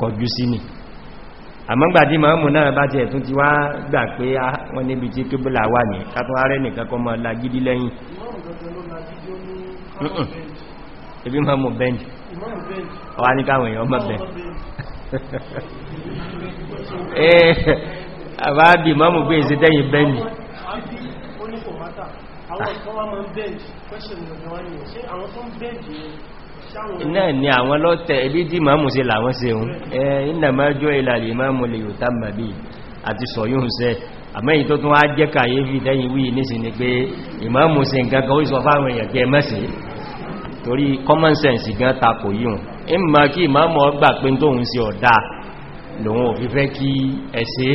Speaker 1: kọjú sí ni àmọ́gbàdí mọ́mù náà bá jẹ́ tún ti wá gbà pé wọ́n níbi tí kíbùlà wà ní kátún ààrẹ nìkan kọ́ mọ́ lagidi lẹ́yìn ibi mọ́mù bẹ́ndì ọwá ní káwọn èèyàn mọ́ bẹ́ndì
Speaker 2: ee àbábì mọ́mù gbé ìsẹ́ tẹ́yìn bẹ́ndì àwọn náà ni
Speaker 1: àwọn lọ́tẹ̀ ẹbí tí máa mú sí làwọn se hun ẹ iná máa jọ ìlàlè máa mú lè yòtá màbí àti sọ̀yún sẹ àmẹ́yìn tó tún wá jẹ́ kàyé fi tẹ́yìn wí ní sí ni pé ìmáàmù sí nǹkan kan ó sọ fáwọn èèyàn pé ẹmẹ́sì torí common sense gan takò yíhun ìmọ̀ kí ìmáàmù ọgbà pé tóhun sí ọ̀dá lòun ò fi fẹ́ kí ẹ̀ṣẹ́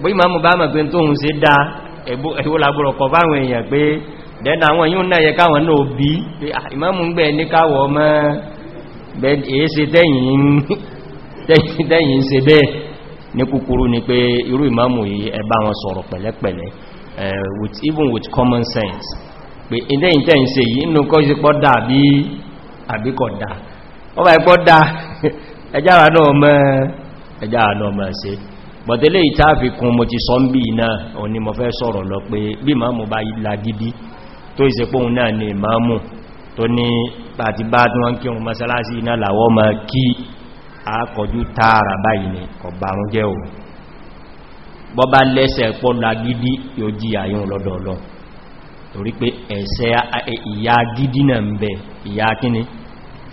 Speaker 1: bó ìmáàmù bá mọ̀ pé tóhun sí dá ẹ̀wó lagbọ́rọ̀ kọ fáwọn èèyàn dẹ́dà àwọn yíò náà yẹ káwọn náà bí pé ah, ìmáàmù ń gbẹ̀ ní káwọ ọmọ èése tẹ́yìn se bẹ́ẹ̀ ní kúkúrú ni pé irú ìmáàmù yìí ẹba wọn sọ̀rọ̀ pẹ̀lẹ̀pẹ̀lẹ̀ even with common sense pé ìdẹ́yìn tẹ́yìn se yìí inú kọ́ sí pọ́ ti sọ ń bí òní mo fẹ́ sọ̀rọ̀ lọ pé bí mo tó ìsẹ̀póhun náà ni ìmáàmù tó ní pàtí bá tí wọ́n kírùn masalasi iná làwọ́ ma kí àkọjú tààrà báyìí ni ọ̀bàrún jẹ́ o bọ́bá lẹ́sẹ̀ pọ́ lágídí yóò jí àyún lọ́dọ̀ọ̀lọ́ torí pé ẹ̀ṣẹ̀ ìyá gídí náà ń bẹ ìyá kíní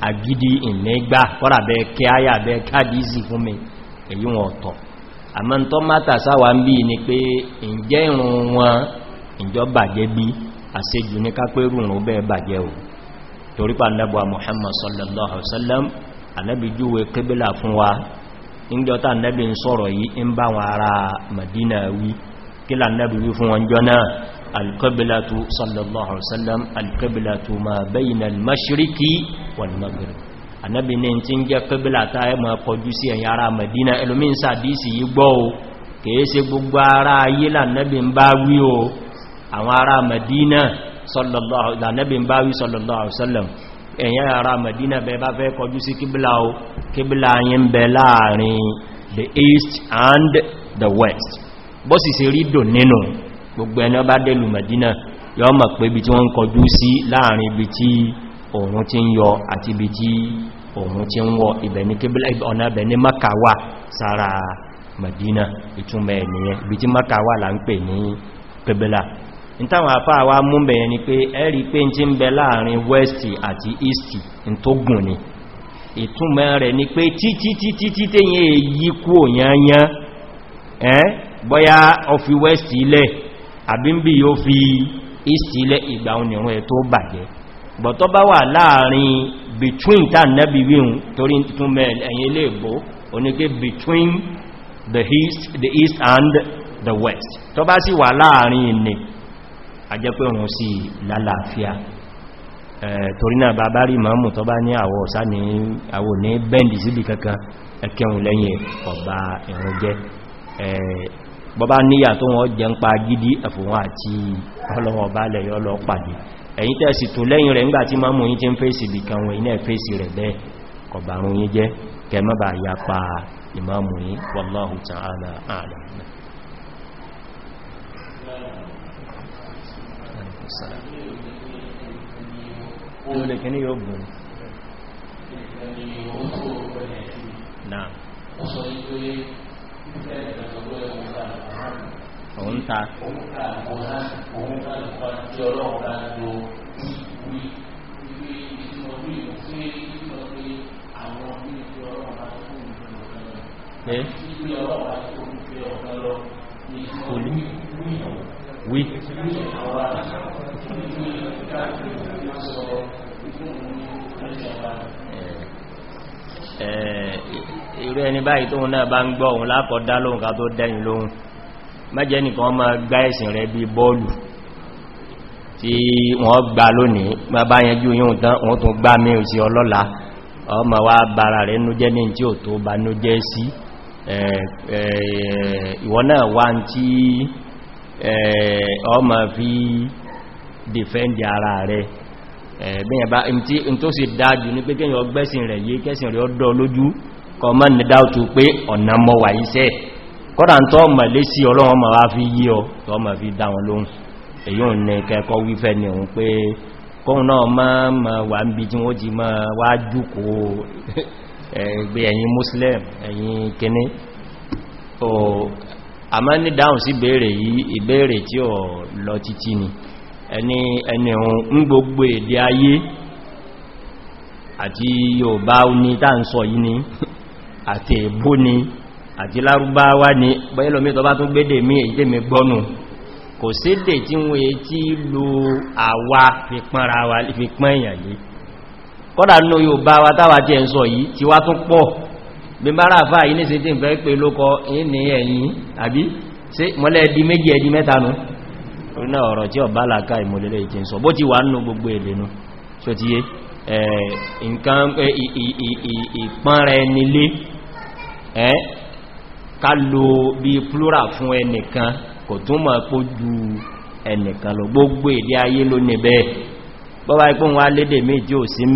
Speaker 1: agídí ìnẹ́gbà kọ́rà bẹ kẹ́ áyà bẹ kádìísì fún mi èyí wọn ọ̀tọ̀ àmọ́ tó mátà sáwà ń bí ni pé ìjẹ́ ìrùn wọn ìjọ bàjẹ́ bí àṣejù ní kápẹ́rù rùn bẹ́ẹ̀ bàjẹ́ ò torípa nẹ́bọ̀ Muhammad sallallahu alaihi wasallam ànábì júwe kébílà fún wa níjọta ànábì ń sọ̀rọ̀ yìí ń bá wọn ará Madina wí kí lànàbì wí fún wọn jọ náà sallallahu alaihi al-mashriqi wal-maghrib ànábì ní tí ń jẹ́ kébílà tá ẹ mọ́ kọjú sí ẹ̀yà Madina ẹlòmí ń sàdísì yìí gbọ́ o kèése gbogbo àwọn ará Madina sallallahu alaihi wasallam. wí sallallahu alaihi wasallam ẹ̀yin ará Madina bẹ bá fẹ́ kọjú sí kíbílà o kíbílà yín bẹ láàrin the east and the west bó sì sí rídò nínú gbogbo ẹni ọba dẹ̀lù Madina yọ mọ̀ pé ibi tí wọ́n ń kọjú sí láàrin ibi tí òòrùn ti ń yọ àti ibi tí òòrùn ti ń wọ̀ ibẹ̀ ní kíbílà ọ̀nà ibẹ̀ ní Maka wà sára Madina ìtumẹ̀ ènìyàn ibi tí Maka wà là ń pè ní kíbílà ìtàwọn àfáà wá mú bẹ̀yẹn ni pé ẹ̀rí pé ń tí ń bẹ láàrin west àti east in tó gùn ni ìtúnmọ̀ rẹ̀ ni pé títí títí tí tẹ́yìn èyí e kú òyányán ẹ́ bọ́yá ó fi west ilẹ̀ àbí yóò fi east ilẹ̀ ìgbà onírun ẹ̀ tó bàjẹ́ bọ̀tọ́ bá wà láàrin between tàn nẹ́bí wíhun torí túnmọ̀ ẹ̀yìn ilé ìbò oníké between the east, the east and the west tó bá wà láàrin ìnìyàn ajẹ́ pé sí lálàáfíà torínà náà bàbá rí mọ́mù tó bá ní àwọ̀ ọ̀sá ní àwọ̀ ní bẹ́ndì kankan ẹkẹun lẹ́yìn ọba ẹ̀rọ jẹ́ bọ́bá níyà tó wọ́n jẹ́ ń pa gidi ẹ̀fùnwọ́n àti ọlọ́wọ́ balẹ̀ pàdé lẹ́yìn
Speaker 2: wasallam lórí kí
Speaker 1: ní yóò gùn náà
Speaker 2: òun ta pé wí
Speaker 1: eh, eh, irú ẹni báyìí tóhun náà bá ń gbọ́ òun lákọ̀ dá lóhun ká tó dẹ́yìn lóhun mẹ́jẹ́ nìkan máa gbá ẹ̀sìn rẹ̀ bí bọ́ọ̀lù tí wọ́n gbá lónìí ma bá yẹnjú yíò tán wọ́n tún gbá mí sí ọlọ́la ọmọ wá bára rẹ̀ nújẹ́ ní tí ò tó bá nújẹ́ sí eh, ìwọ náà wá ń tí Eh, ọ ma fi dìfẹ́ndì ara rẹ̀ eh, bẹ́yàn bá in tó sì dájú ní pé kíyàn ọgbẹ́sìn rẹ̀ yìí kẹsìn rẹ̀ ọdọ́ lójú kọ mọ́ ní dáútù pé ọ̀nà mọ́ wà iṣẹ́ kọ́dà tó mọ̀ lé sí ọlọ́run ma wá fi yí ọ tó mọ̀ fi dá wọn lóhun èyí ò ní kẹ́kọ́ wífẹ́ ni òun pé kóhun náà má ma wà ń bí tí wọ́n ti ma wá jùkó ẹgbẹ́ eh, ẹ̀yìn muslim ẹ̀yìn kíní a máa ní dáhùn sí ìbéèrè yìí ìbéèrè tí ó lọ títí ni ẹni ẹni ohun ń gbogbo èdè ayé àti Yorùbá ní tàǹsọ yìí ni àti èbó ni àti lárúbáwá ni bẹ́ẹ̀lọ́mí tó bá tún gbédè mí èyí tèmi gbọ́nù kò sédè tí wọ́n yé tí lo àwa fi pán èèyàn wa táwà jẹ́ yìí tí bí fa àfá yìí ní sí tí ń fẹ́ pé lókọ ní ẹ̀yìn àbí sí mọ́lẹ̀ ẹ̀dí méjì ẹ̀dí mẹ́ta nù orí náà ọ̀rọ̀ tí ọ̀bá làkà ìmọ̀lẹ̀lẹ̀ ìkí ń sọ bó ti wà nínú gbogbo èdè nù tí ó ti yé nǹkan ìpán rẹ̀ nílé ẹ́ ká lo bí plural fún ẹnìkan kò tún mọ̀ pó ju ẹnìkan lọ gbogbo èdè ayé ló ní bẹ́ẹ̀ bọ́bá ipò wọn lédè méjì ò sí ń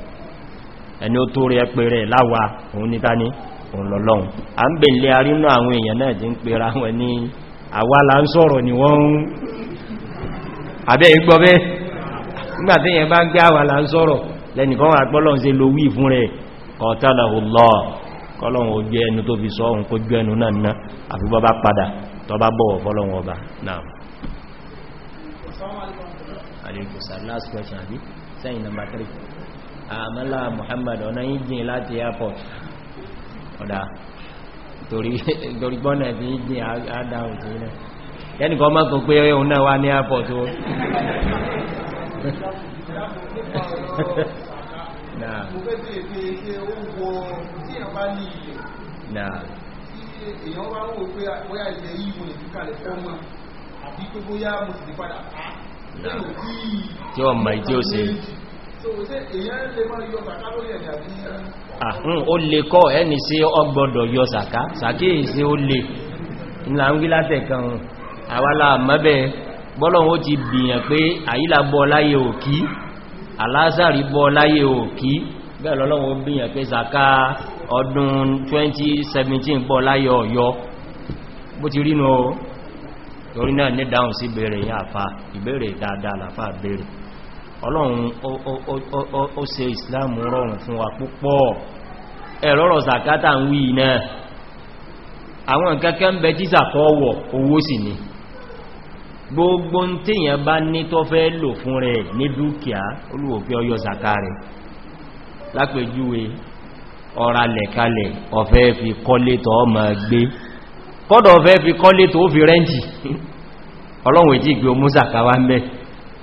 Speaker 1: ẹni ó tó rí ẹpẹ rẹ̀ láwà òun níta ní òun lọ́lọ́un a ń bèèlé arínú àwọn èèyàn náà ti ń pèrà wọn ní àwálà ń sọ̀rọ̀ ni wọ́n ń àbẹ́ ìgbọ́bẹ́ nígbàtíyàn bá ń gbé àwálà ń sọ̀rọ̀ lẹ́nìkan wà pọ́lọ́n se lo wí fún rẹ̀ kọ̀tàlàhùlọ́ kọlọ́run ojú ẹnu tó fi Last question, Abi. Saying number three. àmọ́lá Muhammad ọ̀nà ìjìn láti airport ọ̀dá torí gbọ́nà tí ìjìn àádáhùn sí náà yẹ́nìkan má kò pé òun náà wá ní airport o náà
Speaker 2: èèyàn wá
Speaker 1: wò pé tí ó àhún hmm, ó lè kọ́ ẹni sí ọgbọ́dọ̀ yọ sàká sàkíyèsí ó lè ńlá ń gílátẹ̀ kan àwálà mọ́bẹ̀ bọ́lọ̀wọ́ ti bìyàn pé àyílà bọ́ láyé òkí alásàrí bọ́ láyé òkí bẹ́ẹ̀ lọ́lọ́wọ́ bìyàn pé sàká ọdún 2017 bọ́ láyé ọ̀yọ́ bó ti rí nù torí náà ní dáhùn sí bèèrè yà ọlọ́run ó ṣe islam rọrùn fún wa púpọ̀ ẹ̀rọ̀rọ̀ zakata ń wí náà àwọn kẹ́kẹ́ ń bẹ tí sàkọ́wọ̀ owó sì ni gbogbo tíyàn bá ní tó fẹ́ lò fún rẹ̀ ní dúkìá olúwòfẹ́ ọyọ zaka rẹ̀ lápẹjúwe ọ̀rà lẹ̀kalẹ̀ ọ̀fẹ́ fi kọ́lé tọ́ ma gbé kọ́dọ̀ ọ̀fẹ́ fi kọ́lé tó fi rẹ́ǹtì ọlọ́run èjì gbé omú mẹ́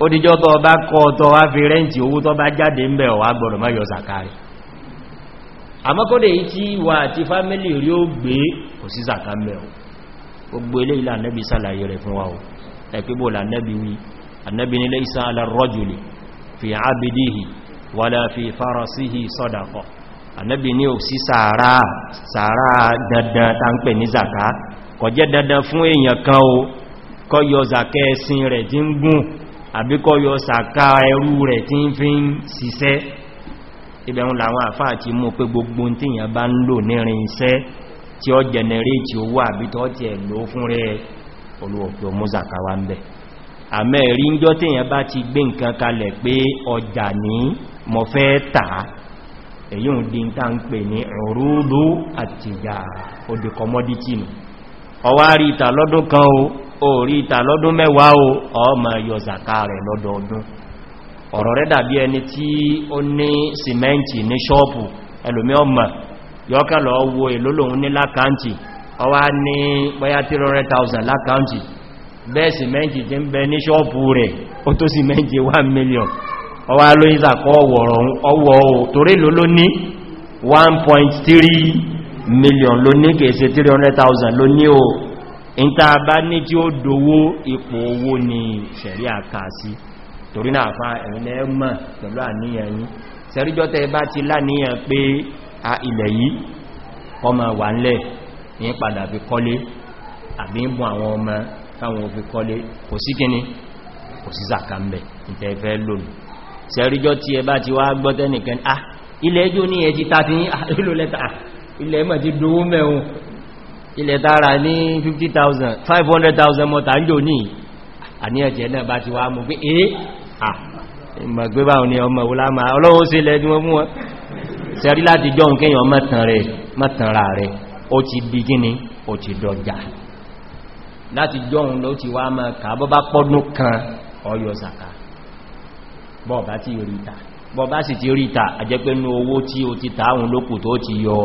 Speaker 1: ó díjọ́ tó bá kọ́ tó wá fi rẹ́ǹtì owó tó bá jáde ń bẹ̀ ọ̀wà gbọ́rọ̀ mọ́ yọ zakari àmọ́kọ́dẹ̀ yìí tí wà àti fámílì rí ó gbé kò sí zakamẹ́ o gbogbo ilé ilẹ̀ anẹ́bí sàlàyé rẹ̀ fún dandan zaka kò jẹ́ dandan fún èèyàn kan o kó yọ zakẹ́ ẹ̀sìn rẹ̀ tí ń gùn àbíkọ́ yọ sàká ẹrú rẹ̀ tí ń fi ń siṣẹ́ ibẹ̀rún làwọn àfáà ti mú pé gbogbo tí ìyàn bá ń lò nírin iṣẹ́ tí ó jẹnẹrétì owó àbítọ́ ti ẹ̀lò fún rẹ̀ olóòpò mọ́sàká wá ń bẹ̀ àmẹ́rí ń tí ìyàn bá ti gbé nǹkan kalẹ̀ pé ọjà ní mọ̀ fẹ́ tà èyí di ta ń pè ní ọ̀rúdó àtìjà ó di ọwárí ìta lọ́dún kan o orí ìta lọ́dún mẹ́wàá o ọmọ yọ zaka rẹ̀ lọ́dọọdún ọ̀rọ̀ rẹ̀ dàbí ẹni tí ó ní simenti ní ṣọ́ọ̀pù ẹlòmí ọmọ yọ́kànlọ owó èlólòun ní lákàntì ọwá ní bọ́yá 300,000 lákàntì bẹ́ẹ̀ sìmẹ́ntì tí ń bẹ ní ṣọ́ọ̀pù rẹ̀ ó tó simenti 1 million ọwá ló ń 300,000 o ìta bá ní tí ó dówó ipò owó ni ṣẹ̀rí àkàsí torí náà fa ẹ̀rìnlẹ̀ mọ̀ pẹ̀lú àníyàn yìí ṣẹ̀ríjọ́ tẹ́ bá ti láníyàn pé a ilẹ̀ yìí ọmọ wà ńlẹ̀ ní padà fi kọ́lé àbí ń bùn àwọn ọmọ káwọn fi kọ́lé kò sí kíní kò sí sàkàmbẹ̀ ìtẹ́ fẹ́ ilẹ̀ tààrà ní 50,000 500,000 mọ́ta ń jò ní àní ẹ̀jẹ̀ náà bá ti wá mú pé é à ìmọ̀gbébà ní ọmọ ìwòlámà ọlọ́run sí ilẹ̀ ẹdún fún wọn sẹ́rí láti jọ ǹkẹ́yàn mọ́tànrà ti bí gíní ó ti owó tí ó ti tààrùn lókù tó ti yọ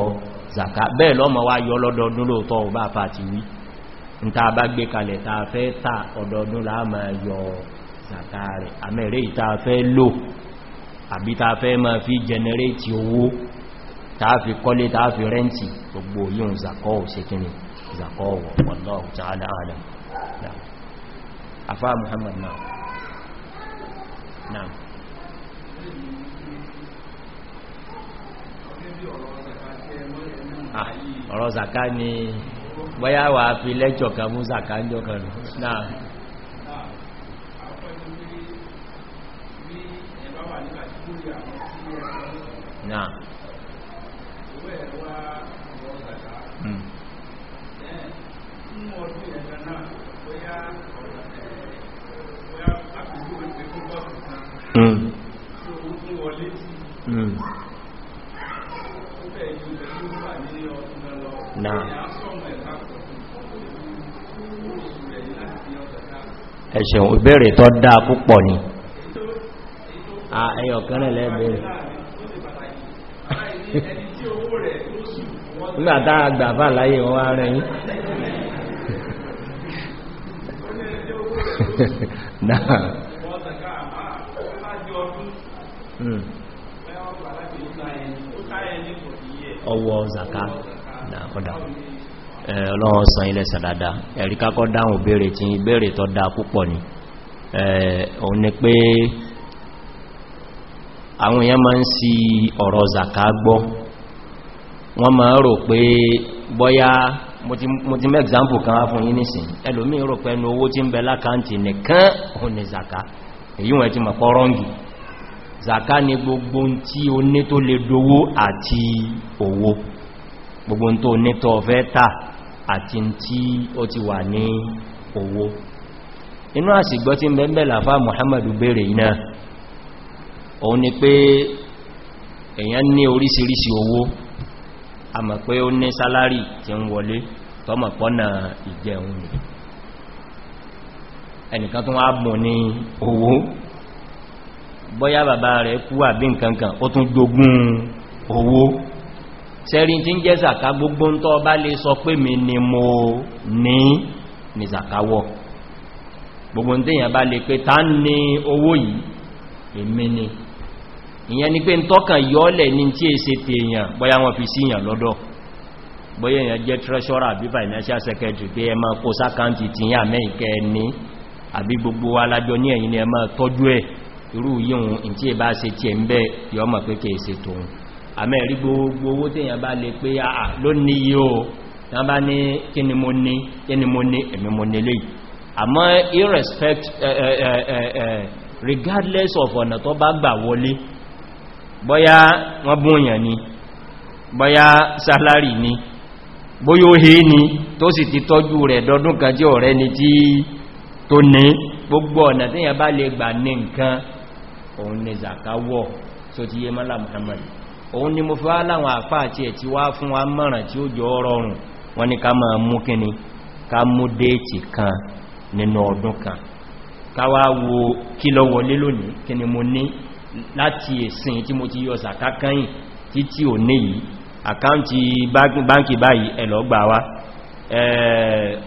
Speaker 1: zaka bẹ́ẹ̀ lọ́mọ wá yọ lọ́dọọdún lóòtọ́ ọba àfàtí wí ní ta bá gbé kalẹ̀ ta fẹ́ ta ọdọọdún láàmà yọ zaka rẹ̀ àmẹ́rẹ́ ìta fẹ́ lò àbí ta fẹ́ ma fi jẹnẹrétì owó ta fi kọ́lé ta fi rẹ́ntì gbogbo yíò zakọ́ òsèkíní zakọ́ wallahu ta'ala ọ̀rọ̀ zaka ni bọ́yá wà fi lẹ́jọ̀ kan mú zaka ń jọ kan náà náà Mm. ẹ̀ṣẹ̀un ìbẹ̀rẹ̀ tó dáa púpọ̀ ni
Speaker 2: ẹyọ kẹrẹ lẹ́bẹ̀rẹ̀ nígbàtá àgbàfà láyé wọn wá rẹ̀ yìí náà hmm. ọwọ́ zaka
Speaker 1: náà kọ́dá Eh, ọlọ́run san ilẹ̀ sàdádá ẹ̀rí dáhùn béèrè tí béèrè tọ́ dá púpọ̀ ni eh, òun ni pé àwọn èèyàn máa ń si ọ̀rọ̀ zaka gbọ́ wọ́n máa rò pé bọ́yá mo ti kan fún yín nísìn ẹlòmí rò pé ẹnu owó tí ń bẹ lákàntì zaka èyí wọ́n ti mọ̀ pọ́ zaka ni gbogbo tí o ní tó dowó gbogbo tó ní fẹ́ àti tí ó ti wà ní owó inú àsìgbọ́ tí ń bẹ́m̀bẹ̀ làfá Muhammadu bèèrè iná òun ni pé èyàn ní oríṣiríṣi owó a mọ̀ pé ó ní sálárì tí ń wọlé tọ́mọ̀ pọ́nà ìjẹun ni ẹnìkan tó wá mọ̀ ní owó bọ́yá bàbá rẹ̀ kú àbí nǹkankan ó tún jogún owó sẹ́rin tí ń jẹ́ zaka gbogbo ń tọ́ bá lè sọ pé mi ni mo ní ni zaka wọ́ gbogbo ń tẹ́yàn bá lè pé ta ní owó yìí èmi ni ìyẹn ni pé ń tọ́kàn yọ́ọ̀lẹ̀ ní tí èsẹ tèèyàn bọ́yá wọn fi síyàn lọ́dọ̀ bọ́yá èyàn jẹ́ treasurer àbí financial secretary pé ẹ máa kó sákàntì tí yà mẹ́ìkẹ́ ní àbí gbogbo alájọ ní ẹ̀yìn ni ẹ máa tọ́jú ẹ̀ irú yíhun ìtí ẹ bá tí ẹ ń bẹ́ yọ́ mọ̀ pé kèèsè tòun àmẹ́rí gbogbo owó tí èyàn bá lè pé àà ló ní yí o tí wọ́n bá ní kí ni mo ní kí ni mo ní èmi mo ní lè àmọ́ irrespect regardless of ọ̀nà tó bá gbà wọlé bọ́yá wọ́n búnyàn ni bọ́yá sálárì ni bóyó he ni tó sì ti tọ́jú rẹ̀ dọdún kan jẹ́ ọ̀rẹ́ ni tí tó ní gbogbo ọ̀nà tí èyàn bá lè gbà ní nǹkan òun ni zakawọ́ so ti yé mọ́lá muhammadu òun ni mo fi wá láwọn àfá àti ẹ̀ tí wá fún wa mọ̀ràn tí ó jọ rọrùn wọ́n ní ká máa mú kíni ká mú déètì kan nínú ọdún kan ká wá wo kí ló wọlé lónìí kí ni mo ní láti ẹ̀sìn tí mo ti yọ sàkákányìn títí ò ní yìí àkáǹtì báńkì báyìí ẹ̀lọ́gbà wá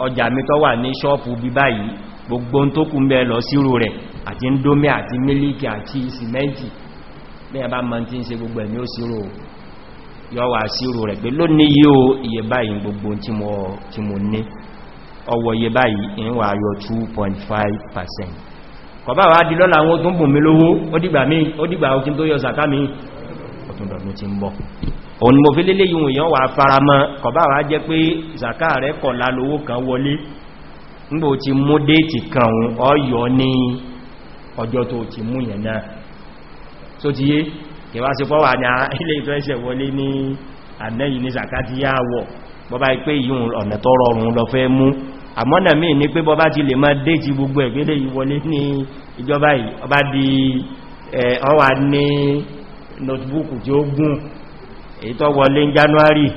Speaker 1: ọjà mi tó wà ní ṣọ́ọ̀pù bí báyìí gbogbo tó kú mẹ́ lọ sírò rẹ̀ àti ń dómẹ́ àti mílíkì àti sìmẹ́ntì bí ẹ bá ma ti ń se gbogbo ẹ̀mí ó sírò yọ́wà sírò rẹ̀ pé lónìí yíò iye báyìí gbogbo tí mo ní ọwọ́ iye báyìí yọ 2.5% kọ̀bá wá di lọ́la àwọn tó ń bùn mi lówó ó dìgbà mí tó yọ sàká mi ti ń bọ̀ òun yi mo fi lélé ìwọ̀n èèyàn wà faramọ́ kọ̀bá wá jẹ́ pé sàká rẹ̀ lówó kan wọlé nígbò ti mú déètì kan ní ọjọ́ tó ti mú yẹn so ti yé kẹwàá sí pọ́wà ní ilé ìtọ́ ẹsẹ̀ wọlé ní àdẹ́yìn ní zakati yá wọ̀ bọ́bá ipé yíò ọ̀nà tó rọrùn lọ fẹ́ mú àmọ́nà míì ní pé bọ́bá ti lè máa déjì gbogbo ẹ̀gbẹ́lẹ̀ ìwọlé ní ìjọba ọba di ọwà ní notebook tí ó gùn january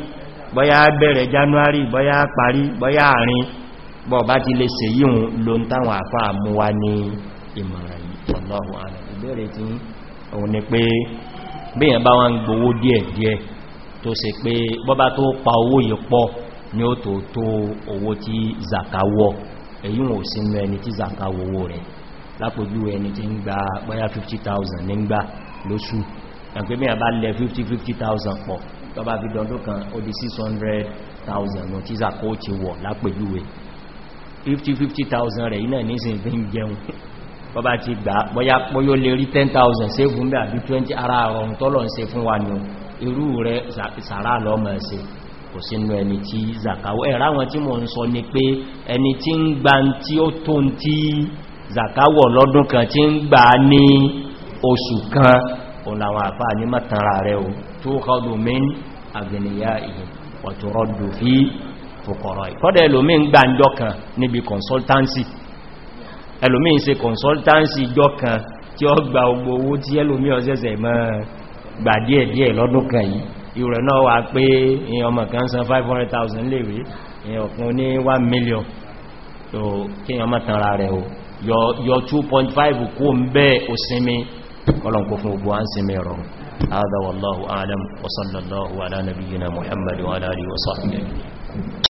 Speaker 1: bọ́yá bẹ̀rẹ̀ january bọ́yá parí bọ́yá àárín bọ́ọ̀bá ti lè ṣe wa ní
Speaker 2: ìmọ̀ràn yìí ọlọ́run àrẹ̀
Speaker 1: ìbẹ̀rẹ̀ tí òun ni pé bíyàn bá wọ́n ń gbowó díẹ̀díẹ̀ tó ṣe pé bọ́bá tó pa owó yìí pọ̀ ní ó tó tó owó tí zakawọ èyí wọn ò sí mú ẹni tí zakawọ owó rẹ̀ lápòjú ẹni tí ń gba bóyá 50,000 ní lóṣù ẹgbẹ́ kan ó di 600,000 tí zakawọ ti wọ̀ lápòjú ẹ 50-50,000 rẹ̀ iná nísìn fi ń jẹun bọ́bá ti gbà bọ́yá pọ́yó lè rí 10,000 sí fún bẹ́ àbí 20 ara ọ̀run tọ́lọ̀ ń ṣe fún wa ní irú rẹ̀ sàrá lọ́mọ̀ ẹ̀sẹ̀ kò sínú ẹni tí zakawo ẹ̀rá wọn tí mo ń sọ ni pé ẹni tí ń gba tí ó tó ń tí zakawo lọ́dún kan tí ń gbà ní oṣù kan òun làwọn àfá ní mọ́tànra consultancy ẹlòmí ṣe consultancy jọ kan tí ó gba ogbo owó tí ẹlòmí ọ̀sẹ̀sẹ̀ mọ́ gbà díẹ̀díẹ̀ lọ́dún kan yìí ìrẹ̀ náà wà pé èyàn ọmọ kan san 500,000 léèwé èyàn ọ̀kan ní 1 million tó kí èyàn mọ́ tanra rẹ̀ o yọ 2.5 kó ń bẹ́ òsinmi kọlọ̀nkó fún ogun án sinmi rọ̀ هذا والله أعلم وصلى الله على نبينا محمد وعلى آله